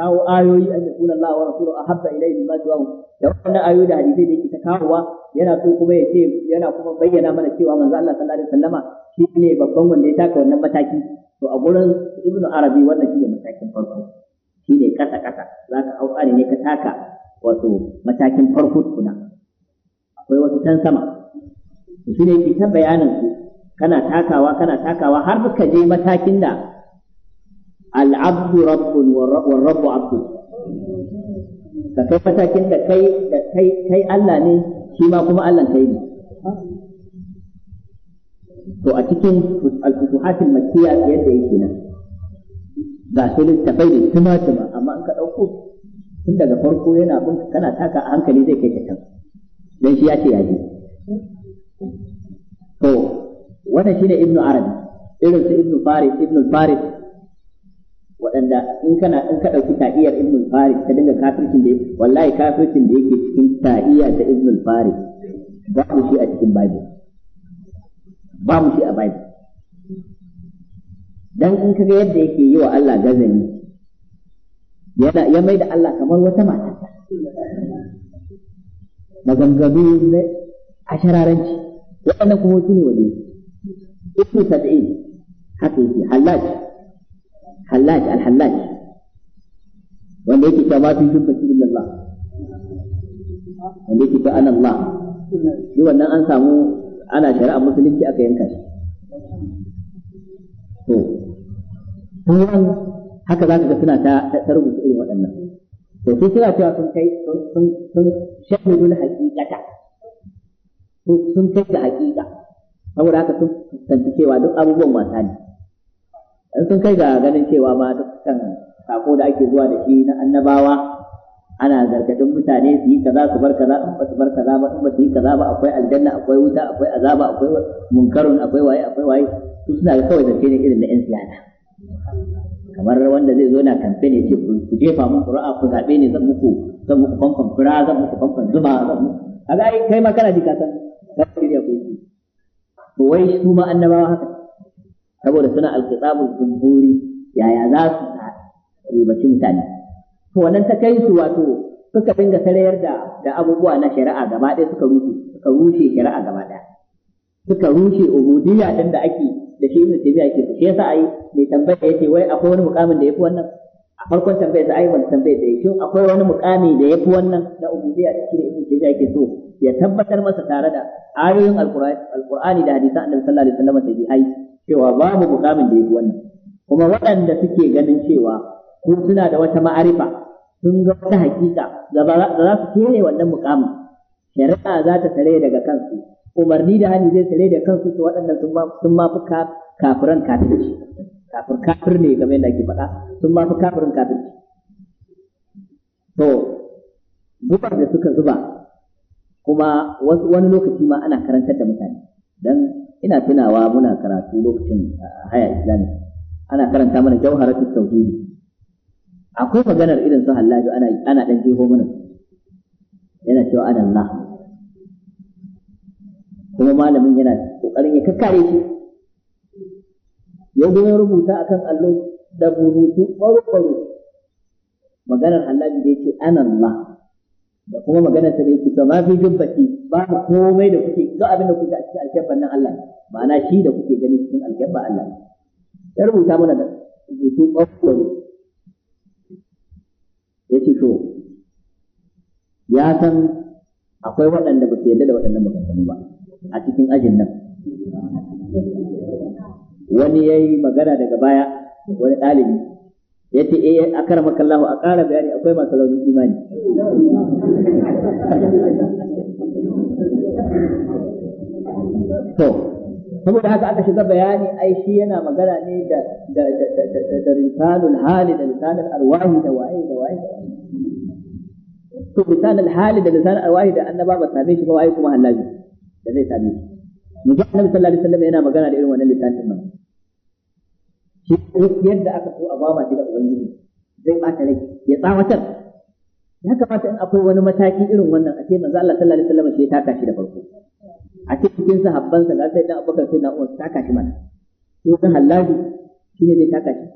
Speaker 1: kawo ayoyi an yakuna Allah wa rasuluhu ahabba ilayhi mimma siwahu da wannan ayoyi da hadisi da yake ta kawowa yana so kuma ya ce yana kuma bayyana mana cewa manzo Allah sallallahu alaihi wasallama shi ne babban wanda ya taka wannan mataki to a gurin ibnu arabi wannan shi ne matakin farko shi ne kasa kasa zaka hau ne ka taka wato matakin farko tukuna akwai wasu can sama to shine yake ta bayanin su kana takawa kana takawa har ka je matakin da al'abdu rabbun wa rabbu abdu ka kai matakin da kai da kai kai Allah ne shi ma kuma Allah kai ne to a cikin al-futuhatil makkiyya yadda yake nan ga su littafai da tuma tuma amma an ka ɗauko. tun daga farko yana bin kana taka a hankali zai kai ka can don shi ya ce ya je to wannan shine ibnu arabi irin su ibnu faris ibnu faris waɗanda in kana in ka ɗauki ta'iyar ibnu faris ka dinga kafircin da wallahi kafircin da yake cikin ta'iya ta ibnu faris mu shi a cikin bible mu shi a bible dan in kaga yadda yake yi wa Allah gazani yana ya mai da Allah kamar wata mata ne a shararanci waɗannan kuma su ne wani ibnu sad'in haka yake hallaj hallaj al wanda yake ta mafi fi jubbati illallah wanda yake ta ana Allah shi wannan an samu ana shari'a musulunci aka yanka shi to haka za ka ga suna ta ta rubuta irin waɗannan to sai suna cewa sun kai sun sun dole hakikata, sun kai ga hakika. saboda haka sun fuskanci cewa duk abubuwan wasa ne in sun kai ga ganin cewa ma duk kan sako da ake zuwa da shi na annabawa ana gargadin mutane su yi kaza su bar kaza in ba su bar kaza ba in ba su yi kaza ba akwai aljanna akwai wuta akwai azaba akwai munkarun akwai waye akwai waye su suna ga kawai zance ne irin na yan siyasa kamar wanda zai zo na kamfani ya ce ku jefa mun ƙura'a ku zaɓe ne zan muku zan muku fanfan fura zan muku fanfan zuma zan muku a ga kai ma kana ji ka san ku ya ku yi to wai su ma annabawa haka saboda suna alƙitabul jumhuri yaya za su ribaci mutane to wannan ta kai su wato suka dinga sarayar da da abubuwa na shari'a gaba ɗaya suka rushe suka rushe shari'a gaba ɗaya suka rushe ubudiyya din da ake da shi ne tabi'a yake shi yasa ai mai tambaya yace wai akwai wani mukamin da yafi wannan a farkon tambayar da ai wani tambayar da yake akwai wani mukami da yafi wannan na ubudiyya da shi ibnu tabi'a yake so ya tabbatar masa tare da ayoyin alqur'ani da hadisan annabi sallallahu alaihi wasallam da jihai cewa babu mukamin da yafi wannan kuma waɗanda suke ganin cewa ko suna da wata ma'arifa sun ga wata hakika da za su kere wannan mukamin shari'a za ta tare daga kansu umarni da hali zai tsare da kansu to waɗannan sun ma fi kafiran kafirci kafir kafir ne game da ke faɗa sun ma fi kafirin kafirci to gubar da suka zuba kuma wani lokaci ma ana karantar da mutane dan ina tunawa muna karatu lokacin haya islami ana karanta mana jawharatul tauhidi akwai maganar irin su hallaju ana ana dan jeho mana yana cewa adallah kuma malamin yana kokarin ya kakkare shi yau ya rubuta akan allo da rubutu ɓaro-ɓaro maganar halabi da yake ana Allah da kuma maganar sa da yake to mafi fi ba ba komai da kuke duk abin da kuke a cikin alkebban nan Allah ma'ana shi da kuke gani cikin alkebba Allah ya rubuta mana da rubutu ɓaro-ɓaro ya ce to ya san akwai waɗanda ba su yadda da waɗannan maganganu ba a cikin ajin nan wani ya yi magana daga baya wani ɗalibi ya ce eh a kara makallahu a ƙara bayani akwai masu launin imani to saboda haka aka shiga bayani ai shi yana magana ne da da da da da risalul hali da risalul arwahi da waye da waye to risalul hali da risalul arwahi da annaba ba same shi ba waye kuma hallaji da zai same shi mu ga annabi sallallahu alaihi wasallam yana magana da irin wannan littafin nan shi yadda aka so a bama shi da ubangiji zai bata rai ya tsawatar ya kamata in akwai wani mataki irin wannan a ce manzo Allah sallallahu alaihi wasallam shi ya taka shi da farko a ce cikin sahabbansa da sai dan Abubakar sai na Umar taka shi mana ko da halalu shi ne zai taka shi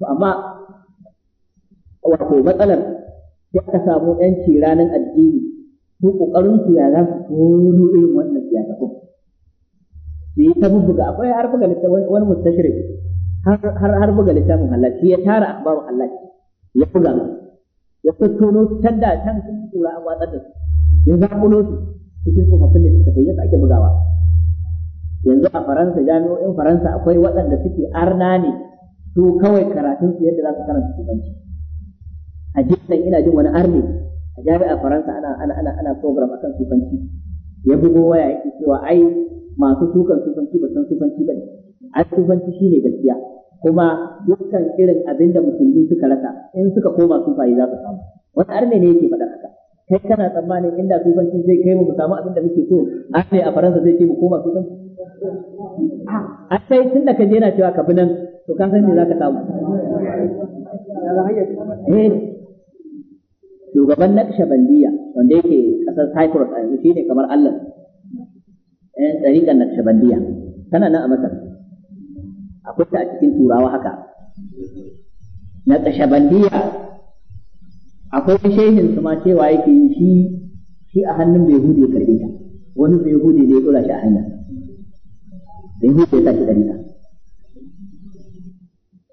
Speaker 1: to amma wato matsalar sai aka samu yanci ranar addini ko kokarin su ya za su koyo irin wannan ta kuma su yi ta bubbuga akwai har buga littafin wani mustashrik har har buga littafin Allah shi ya tara akbarun Allah ya buga ya fitono can da can sun tura an watsar da su ya zakulo su cikin tsofaffin littattafai yadda ake bugawa yanzu a faransa jami'o'in faransa akwai waɗanda suke arna ne su kawai karatun su yadda za su karanta shugabanci a jikin ina jin wani arne a jami'ar faransa ana ana ana ana program akan sufanci ya bugo waya yake cewa ai masu tukan sufanci ba san sufanci ba ne a sufanci shine gaskiya kuma dukkan irin abin da musulmi suka rasa in suka koma sufaye za su samu wani arne ne yake faɗa haka kai kana tsammanin inda sufanci zai kai mu samu abin da muke so arne a faransa zai ce mu koma sufanci a sai tun da ka je yana cewa ka bi nan to ka san me za ka samu eh, shugaban shabandiya wanda yake kasar cyprus a yanzu shine kamar allah yan tsarikan shabandiya tana nan a masar akwai ta a cikin turawa haka shabandiya akwai shehin su ma cewa yake yi shi shi a hannun bai hude karbe ta wani bai hude ne ya dora shi a hanya bai hude ya sa shi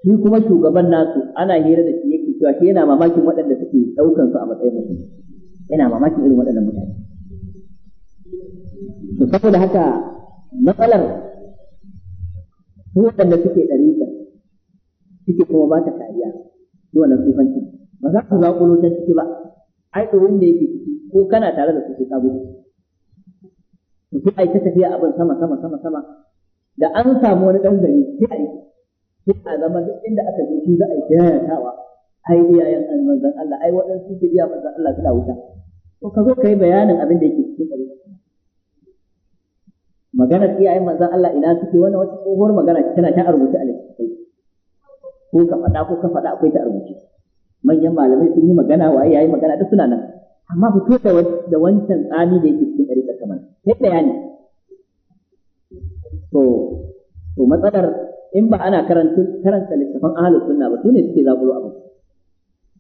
Speaker 1: shi kuma shugaban nasu ana hira da shi yake cewa shi yana mamakin waɗanda suka ɗaukan su a matsayin mutum yana mamakin irin waɗannan mutane to saboda haka matsalar su waɗanda suke da suke kuma ba ta kariya su wannan tsufanci ba za su zaƙulo ta ciki ba ai tsoron da yake ciki ko kana tare da su sai ka su su ai ta tafiya abin sama sama sama sama da an samu wani ɗan gari sai a yi sai a zama duk inda aka je shi za a yi ta ai iyayen manzon Allah ai waɗansu su iya manzon Allah suna wuta to ka zo ka yi bayanin abin da yake cikin hadisi maganar iyayen manzon Allah ina suke wannan wata tsohuwar magana tana ta rubuce a littattafai ko ka faɗa ko ka faɗa akwai ta rubuce manyan malamai sun yi magana wa yi magana duk suna nan amma fito da da wancan tsami da yake cikin ɗariƙa kamar sai bayani to to matsalar in ba ana karanta karanta littafan ahlus sunna ba su ne suke zabulo abin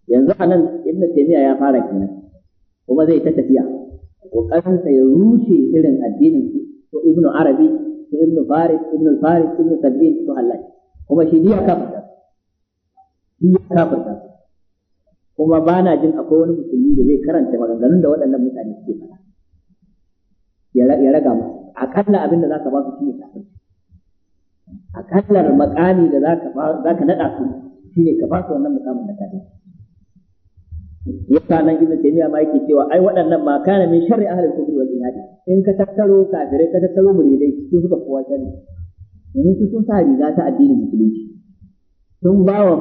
Speaker 1: yanzu a nan ibn taymiya ya fara kenan kuma zai ta tafiya kokarinsa ya rushe irin addinin su ko ibn arabi ko ibn faris ibn faris ibn tabi'in ko halal kuma shi ya kafirta shi ya kafirta kuma ba na jin akwai wani musulmi da zai karanta maganganun da waɗannan mutane suke fara ya raga mu kalla abin da za ka ba su shine kafin kallar makami da za ka naɗa su shine ka ba su wannan mukamin da kafin ya sa nan ibnu taymiya ma yake cewa ai waɗannan ma kana min sharri ahli al-kufr wal jihad in ka tattaro kafirai ka tattaro muridai sun suka kowa sharri Mun su sun sa riga ta addinin musulunci sun ba wa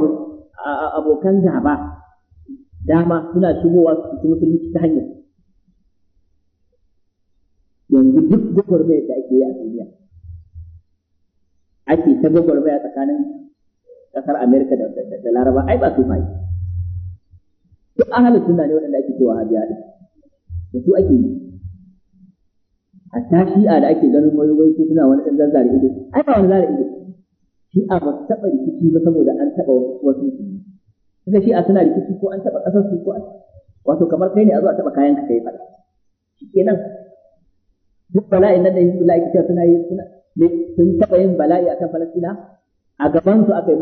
Speaker 1: abokan gaba dama suna shigowa su musulunci ta hanyar yanzu duk gwagwarmaya da ake yi a duniya ake ta gwagwarmaya tsakanin ƙasar amerika da laraba ai ba su fayi duk ahalin sunna ne wanda ake cewa habiya ɗin da su ake yi A ta shi'a da ake ganin wai wai suna wani ɗan zazzare ido ai ba wani zare ido shi'a ba su taɓa rikici ba saboda an taɓa wasu suka shi'a suna rikici ko an taɓa ƙasar su ko an wato kamar kai ne a zo a taɓa kayan ka kai faɗa kenan duk bala'in nan da yin bala'i kita suna yi suna sun taɓa yin bala'i akan falastina a gabansu aka yi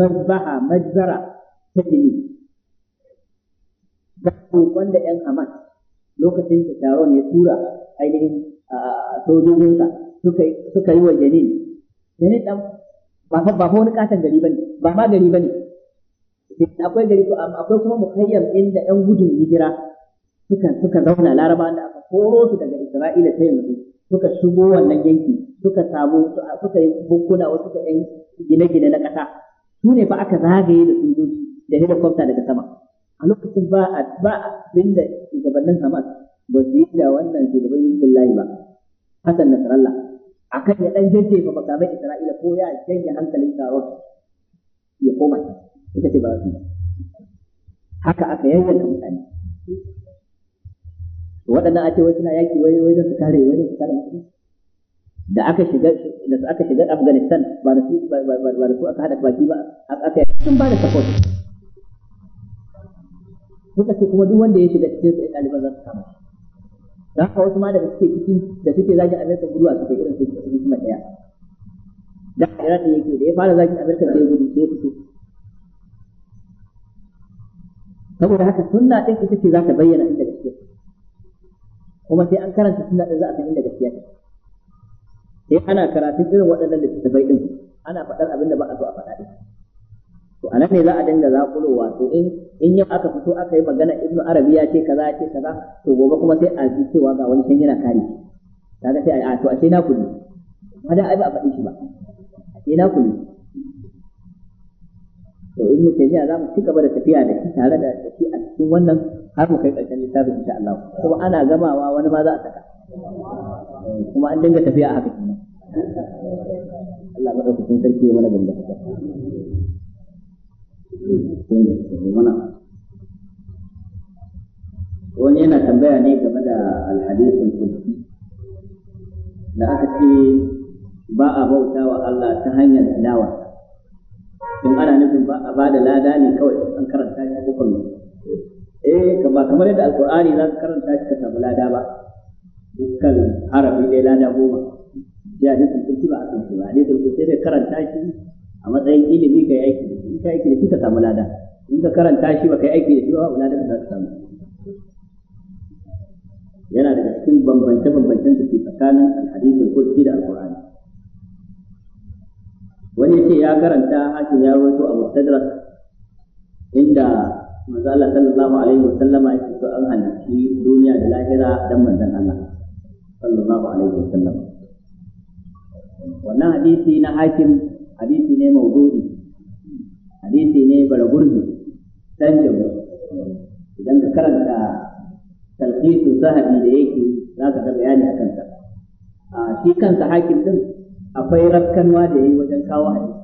Speaker 1: mazbaha mazara ta jini na roƙon da ‘yan Hamas lokacin da Sharon ya tura ainihin sojojinsa suka yi wa Janin. Janin ɗan ba fa wani ƙaton gari ba ne, ba ma gari ba ne. Akwai gari amma akwai kuma mukayyar inda ƴan gudun hijira suka zauna laraba da aka koro su daga Isra'ila ta yanzu suka shigo wannan yanki suka samu suka yi bukkuna wasu suka yi gine-gine na ƙasa su ne fa aka zagaye da sojoji da helikwafta daga sama. a lokacin ba a ba bin da shugabannin Hamas ba su yi da wannan shugaban layi ba Hassan Nasrallah akan ya dan ba makamai Isra'ila ko ya janye hankalin taron ya koma ita ce ba su haka aka yayyanka mutane waɗannan a ce wasu suna yaki wai wai su kare wai su kare mutane da aka shiga da aka shiga Afghanistan ba da su ba da su aka haɗa baki ba aka yi sun ba da support suka ce kuma duk wanda ya shiga cikin sai ɗaliban za su kama shi haka wasu ma da suke ciki da suke zagin Amerika guduwa suke irin su su kuma ɗaya da Iran da yake da ya fara zagin amurka sai gudu sai fito saboda haka sunna ɗin ita ce za ta bayyana inda gaskiya kuma sai an karanta sunna ɗin za a san inda gaskiya ce sai ana karatun irin waɗannan littattafai ɗin ana faɗar abin da ba a zo a faɗa ɗin. to anan ne za a dinga zakulowa to in in yau aka fito aka yi magana ibnu arabi ya ce kaza ce kaza to gobe kuma sai a ji cewa ga wani can yana kare kaga sai a to ce na kuli ma da ai ba a faɗi shi ba A ce na kuli to ibnu taymiya za mu ci gaba da tafiya da shi tare da shi a cikin wannan har mu kai ƙarshen littafin insha Allah kuma ana gamawa wani ma za a saka kuma an dinga tafiya a haka Allah madaukakin sarki ya mana haka wani yana tambaya ne game da alhadisin kulki da aka ce ba a bauta wa Allah ta hanyar tilawa in ana nufin ba a ba da lada ne kawai an karanta shi ko kuma eh ba kamar yadda alqur'ani za ka karanta shi ka samu lada ba dukkan harafi dai lada goma ya hadisin kulki ba a kan shi ba hadisin kulki sai karanta shi a matsayin ilimi ga yaki ka aiki da shi ka samu lada in ka karanta shi ba kai aiki da shi ba lada ka samu yana daga cikin bambance-bambancen da ke tsakanin alhadisul kursi da alqur'ani wani ce ya karanta hakin ya rawaito a mustadrak inda manzo Allah sallallahu alaihi wa sallama yake so an halarci duniya da lahira dan manzon Allah sallallahu alaihi wa sallam wannan hadisi na hakim hadisi ne mawdu'i hadisi ne bara gurbi dan jabu idan ka karanta talqisu zahabi da yake za ka ga bayani akan ta a shi kansa hakim din akwai rafkanwa da yayi wajen kawo hadisi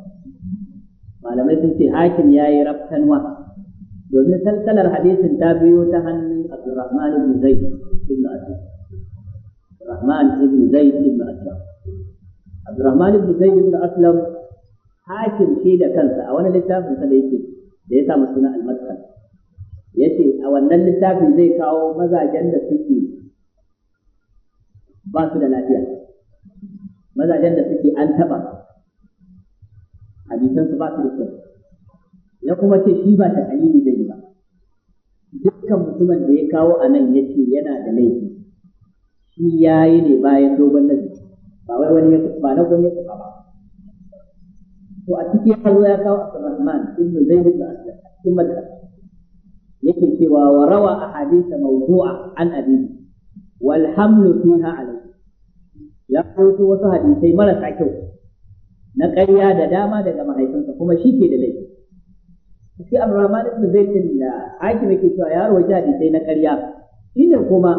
Speaker 1: malamai sun ce hakim yayi rafkanwa domin salsalar hadisin ta biyo ta hannun Abdurrahman ibn Zaid ibn Asad Rahman ibn Zaid ibn Aslam Abdurrahman ibn Zaid ibn Aslam hakim shi da kansa a wani littafin sa da yake da ya samu suna almaskan yace a wannan littafin zai kawo mazajen da suke ba su da lafiya mazajen da suke an taba hadisan su ba su da kyau ya kuma ce shi ba ta kalili da ba dukkan mutumin da ya kawo a nan ya ce yana da laifi shi ya yi ne bayan dogon nazari ba wai wani ba na gwamnati ba to a cikin hazo ya kawo Abdurrahman ibn Zaid ibn Aslam cikin madhhab yake cewa wa rawa ahadith mawdu'a an abi wal hamlu fiha alayhi ya kawo wasu hadisai marasa kyau na ƙarya da dama daga mahaifinsa kuma shi ke da laifi shi Abdurrahman ibn Zaid da hakim yake cewa ya rawaita hadisai na ƙarya shine kuma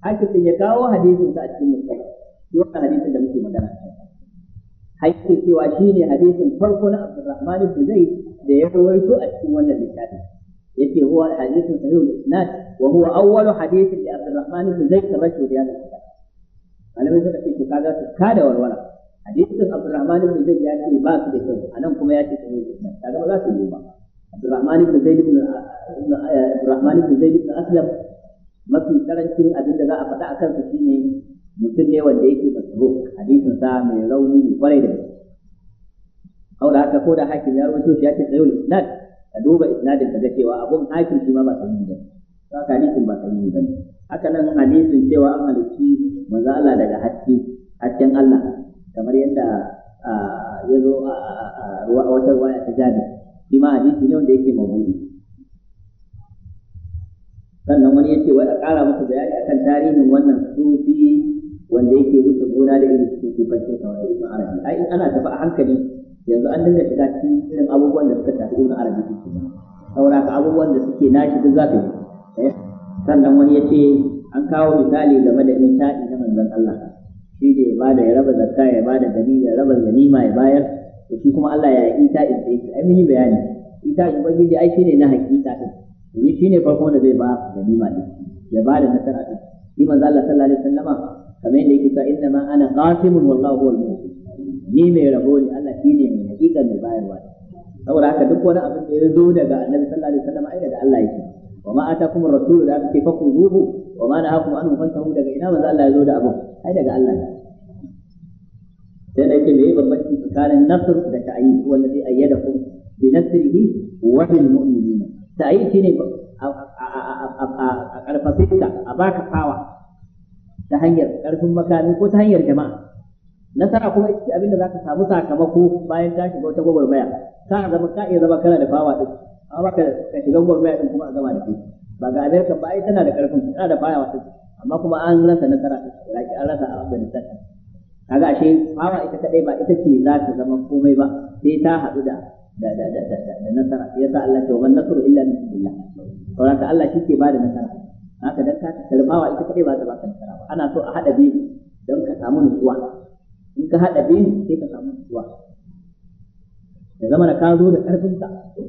Speaker 1: hakim ya kawo hadisin sa a cikin musulmi wannan hadisin da muke magana hakki cewa shine hadisin farko na Abdurrahman ibn Zaid da ya rawaito a cikin wannan littafi Yake huwa hadisin sahihul isnad wa huwa awwalu hadithin da Abdurrahman ibn Zaid ta rawaito da yana malamai suka ce to kaga su kada warwara hadisin Abdurrahman ibn Zaid ya ce ba su da kyau anan kuma ya ce sahihul isnad kaga ba za su yi ba Abdurrahman ibn Zaid ibn Abdurrahman ibn Zaid ibn Aslam mafi karancin abin da za a faɗa a kansa shine mutum ne wanda yake masaro hadisin sa mai rauni ne kwarai da gaske da haka ko da hakim ya rawaito shi yake sayo isnad ka duba isnadin ka cewa abun hakim shi ma ba yi ba to haka hadisin ba yi ba haka nan hadisin cewa an halarci manzo Allah daga haske hasken Allah kamar yadda ya zo a wata waya ta jami shi ma hadisi ne wanda yake mabudi sannan wani ya ce wai a ƙara bayani akan tarihin wannan sufi wanda yake wuce gona da iri cikin sifancin sa da ibn arabi ai in ana tafi a hankali yanzu an dinga shiga cikin irin abubuwan da suka tafi ibn arabi kuma saboda ka abubuwan da suke nashi duk za ka yi eh, sannan wani ya ce an kawo misali game da nishaɗi na manzon Allah shi ne ya bada ya raba zakka ya bada gani ya raba ganima ya bayar da shi kuma Allah ya yi ita'in sai shi ai mini bayani ita'in gidi ai ne na hakika din shi ne farko da zai ba ganima ɗin. ya bada nasara ɗin. shi manzo Allah sallallahu alaihi wasallama kamar yadda yake cewa inna ma ana qasimun wallahu huwal ni mai rabo ne Allah shi ne mai hakika mai bayarwa saboda haka duk wani abin da ya zo daga annabi sallallahu alaihi wasallam ai daga Allah yake wa ma atakum ar-rasul da ake fakun zuhu wa ma nahakum anhu fantahu daga ina manzo Allah ya zo da abin ai daga Allah ne sai da mai bambanci tsakanin nasr da ta'ayyid wallazi ayyadakum bi nasrihi wa bil mu'minin ta'ayyid shine a karfafe a baka fawa ta hanyar ƙarfin makami ko ta hanyar jama'a nasara kuma ita ce abinda za ka samu sakamako bayan ka shiga wata gwagwarmaya ka zama ka iya zama kana da fawa din amma ka ka shiga gwagwarmaya din kuma a zama da kai ba ga ka ba ai tana da ƙarfin tana da fawa din amma kuma an rasa nasara a Iraki an rasa Afghanistan kaga ashe fawa ita kadai ba ita ce za ta zama komai ba sai ta haɗu da da da da da nasara yasa Allah ya ce wa nasru illa min billah saboda Allah shi ke ba da nasara haka dan ka kalmawa ita kadai ba ta baka nasara ba ana so a hada biyu don ka samu nutsuwa in ka hada biyu sai ka samu nutsuwa da zama da ka zo da ka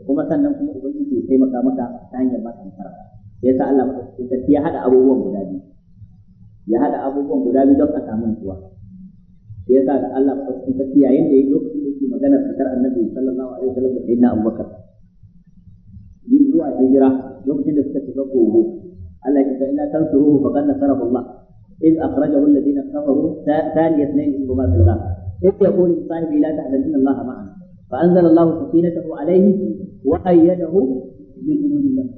Speaker 1: kuma sannan kuma ubangiji ya taimaka maka ta hanyar ba ta nasara sai sa Allah madaukakin sarki ya hada abubuwan guda biyu ya hada abubuwan guda biyu don ka samu nutsuwa sai sa da Allah sai sarki tiya yanda ya lokacin da yake magana fitar annabi sallallahu alaihi wasallam da sayyidina Abubakar yin zuwa hijira lokacin da suka shiga kogo Allah ya ce ina tansuruhu faqad nasarahu Allah إذ أخرجه الذين كفروا ثاني اثنين إذ هما الغار إذ يقول لصاحبه لا تحزن إن الله معنا فأنزل الله سكينته عليه وأيده بجنود لم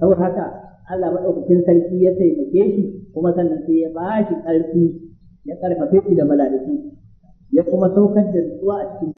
Speaker 1: ترى هكا Allah maɗaukakin sarki ya taimake shi kuma sannan sai ya ba shi ya ƙarfafe shi da ya kuma saukar da nutsuwa a cikin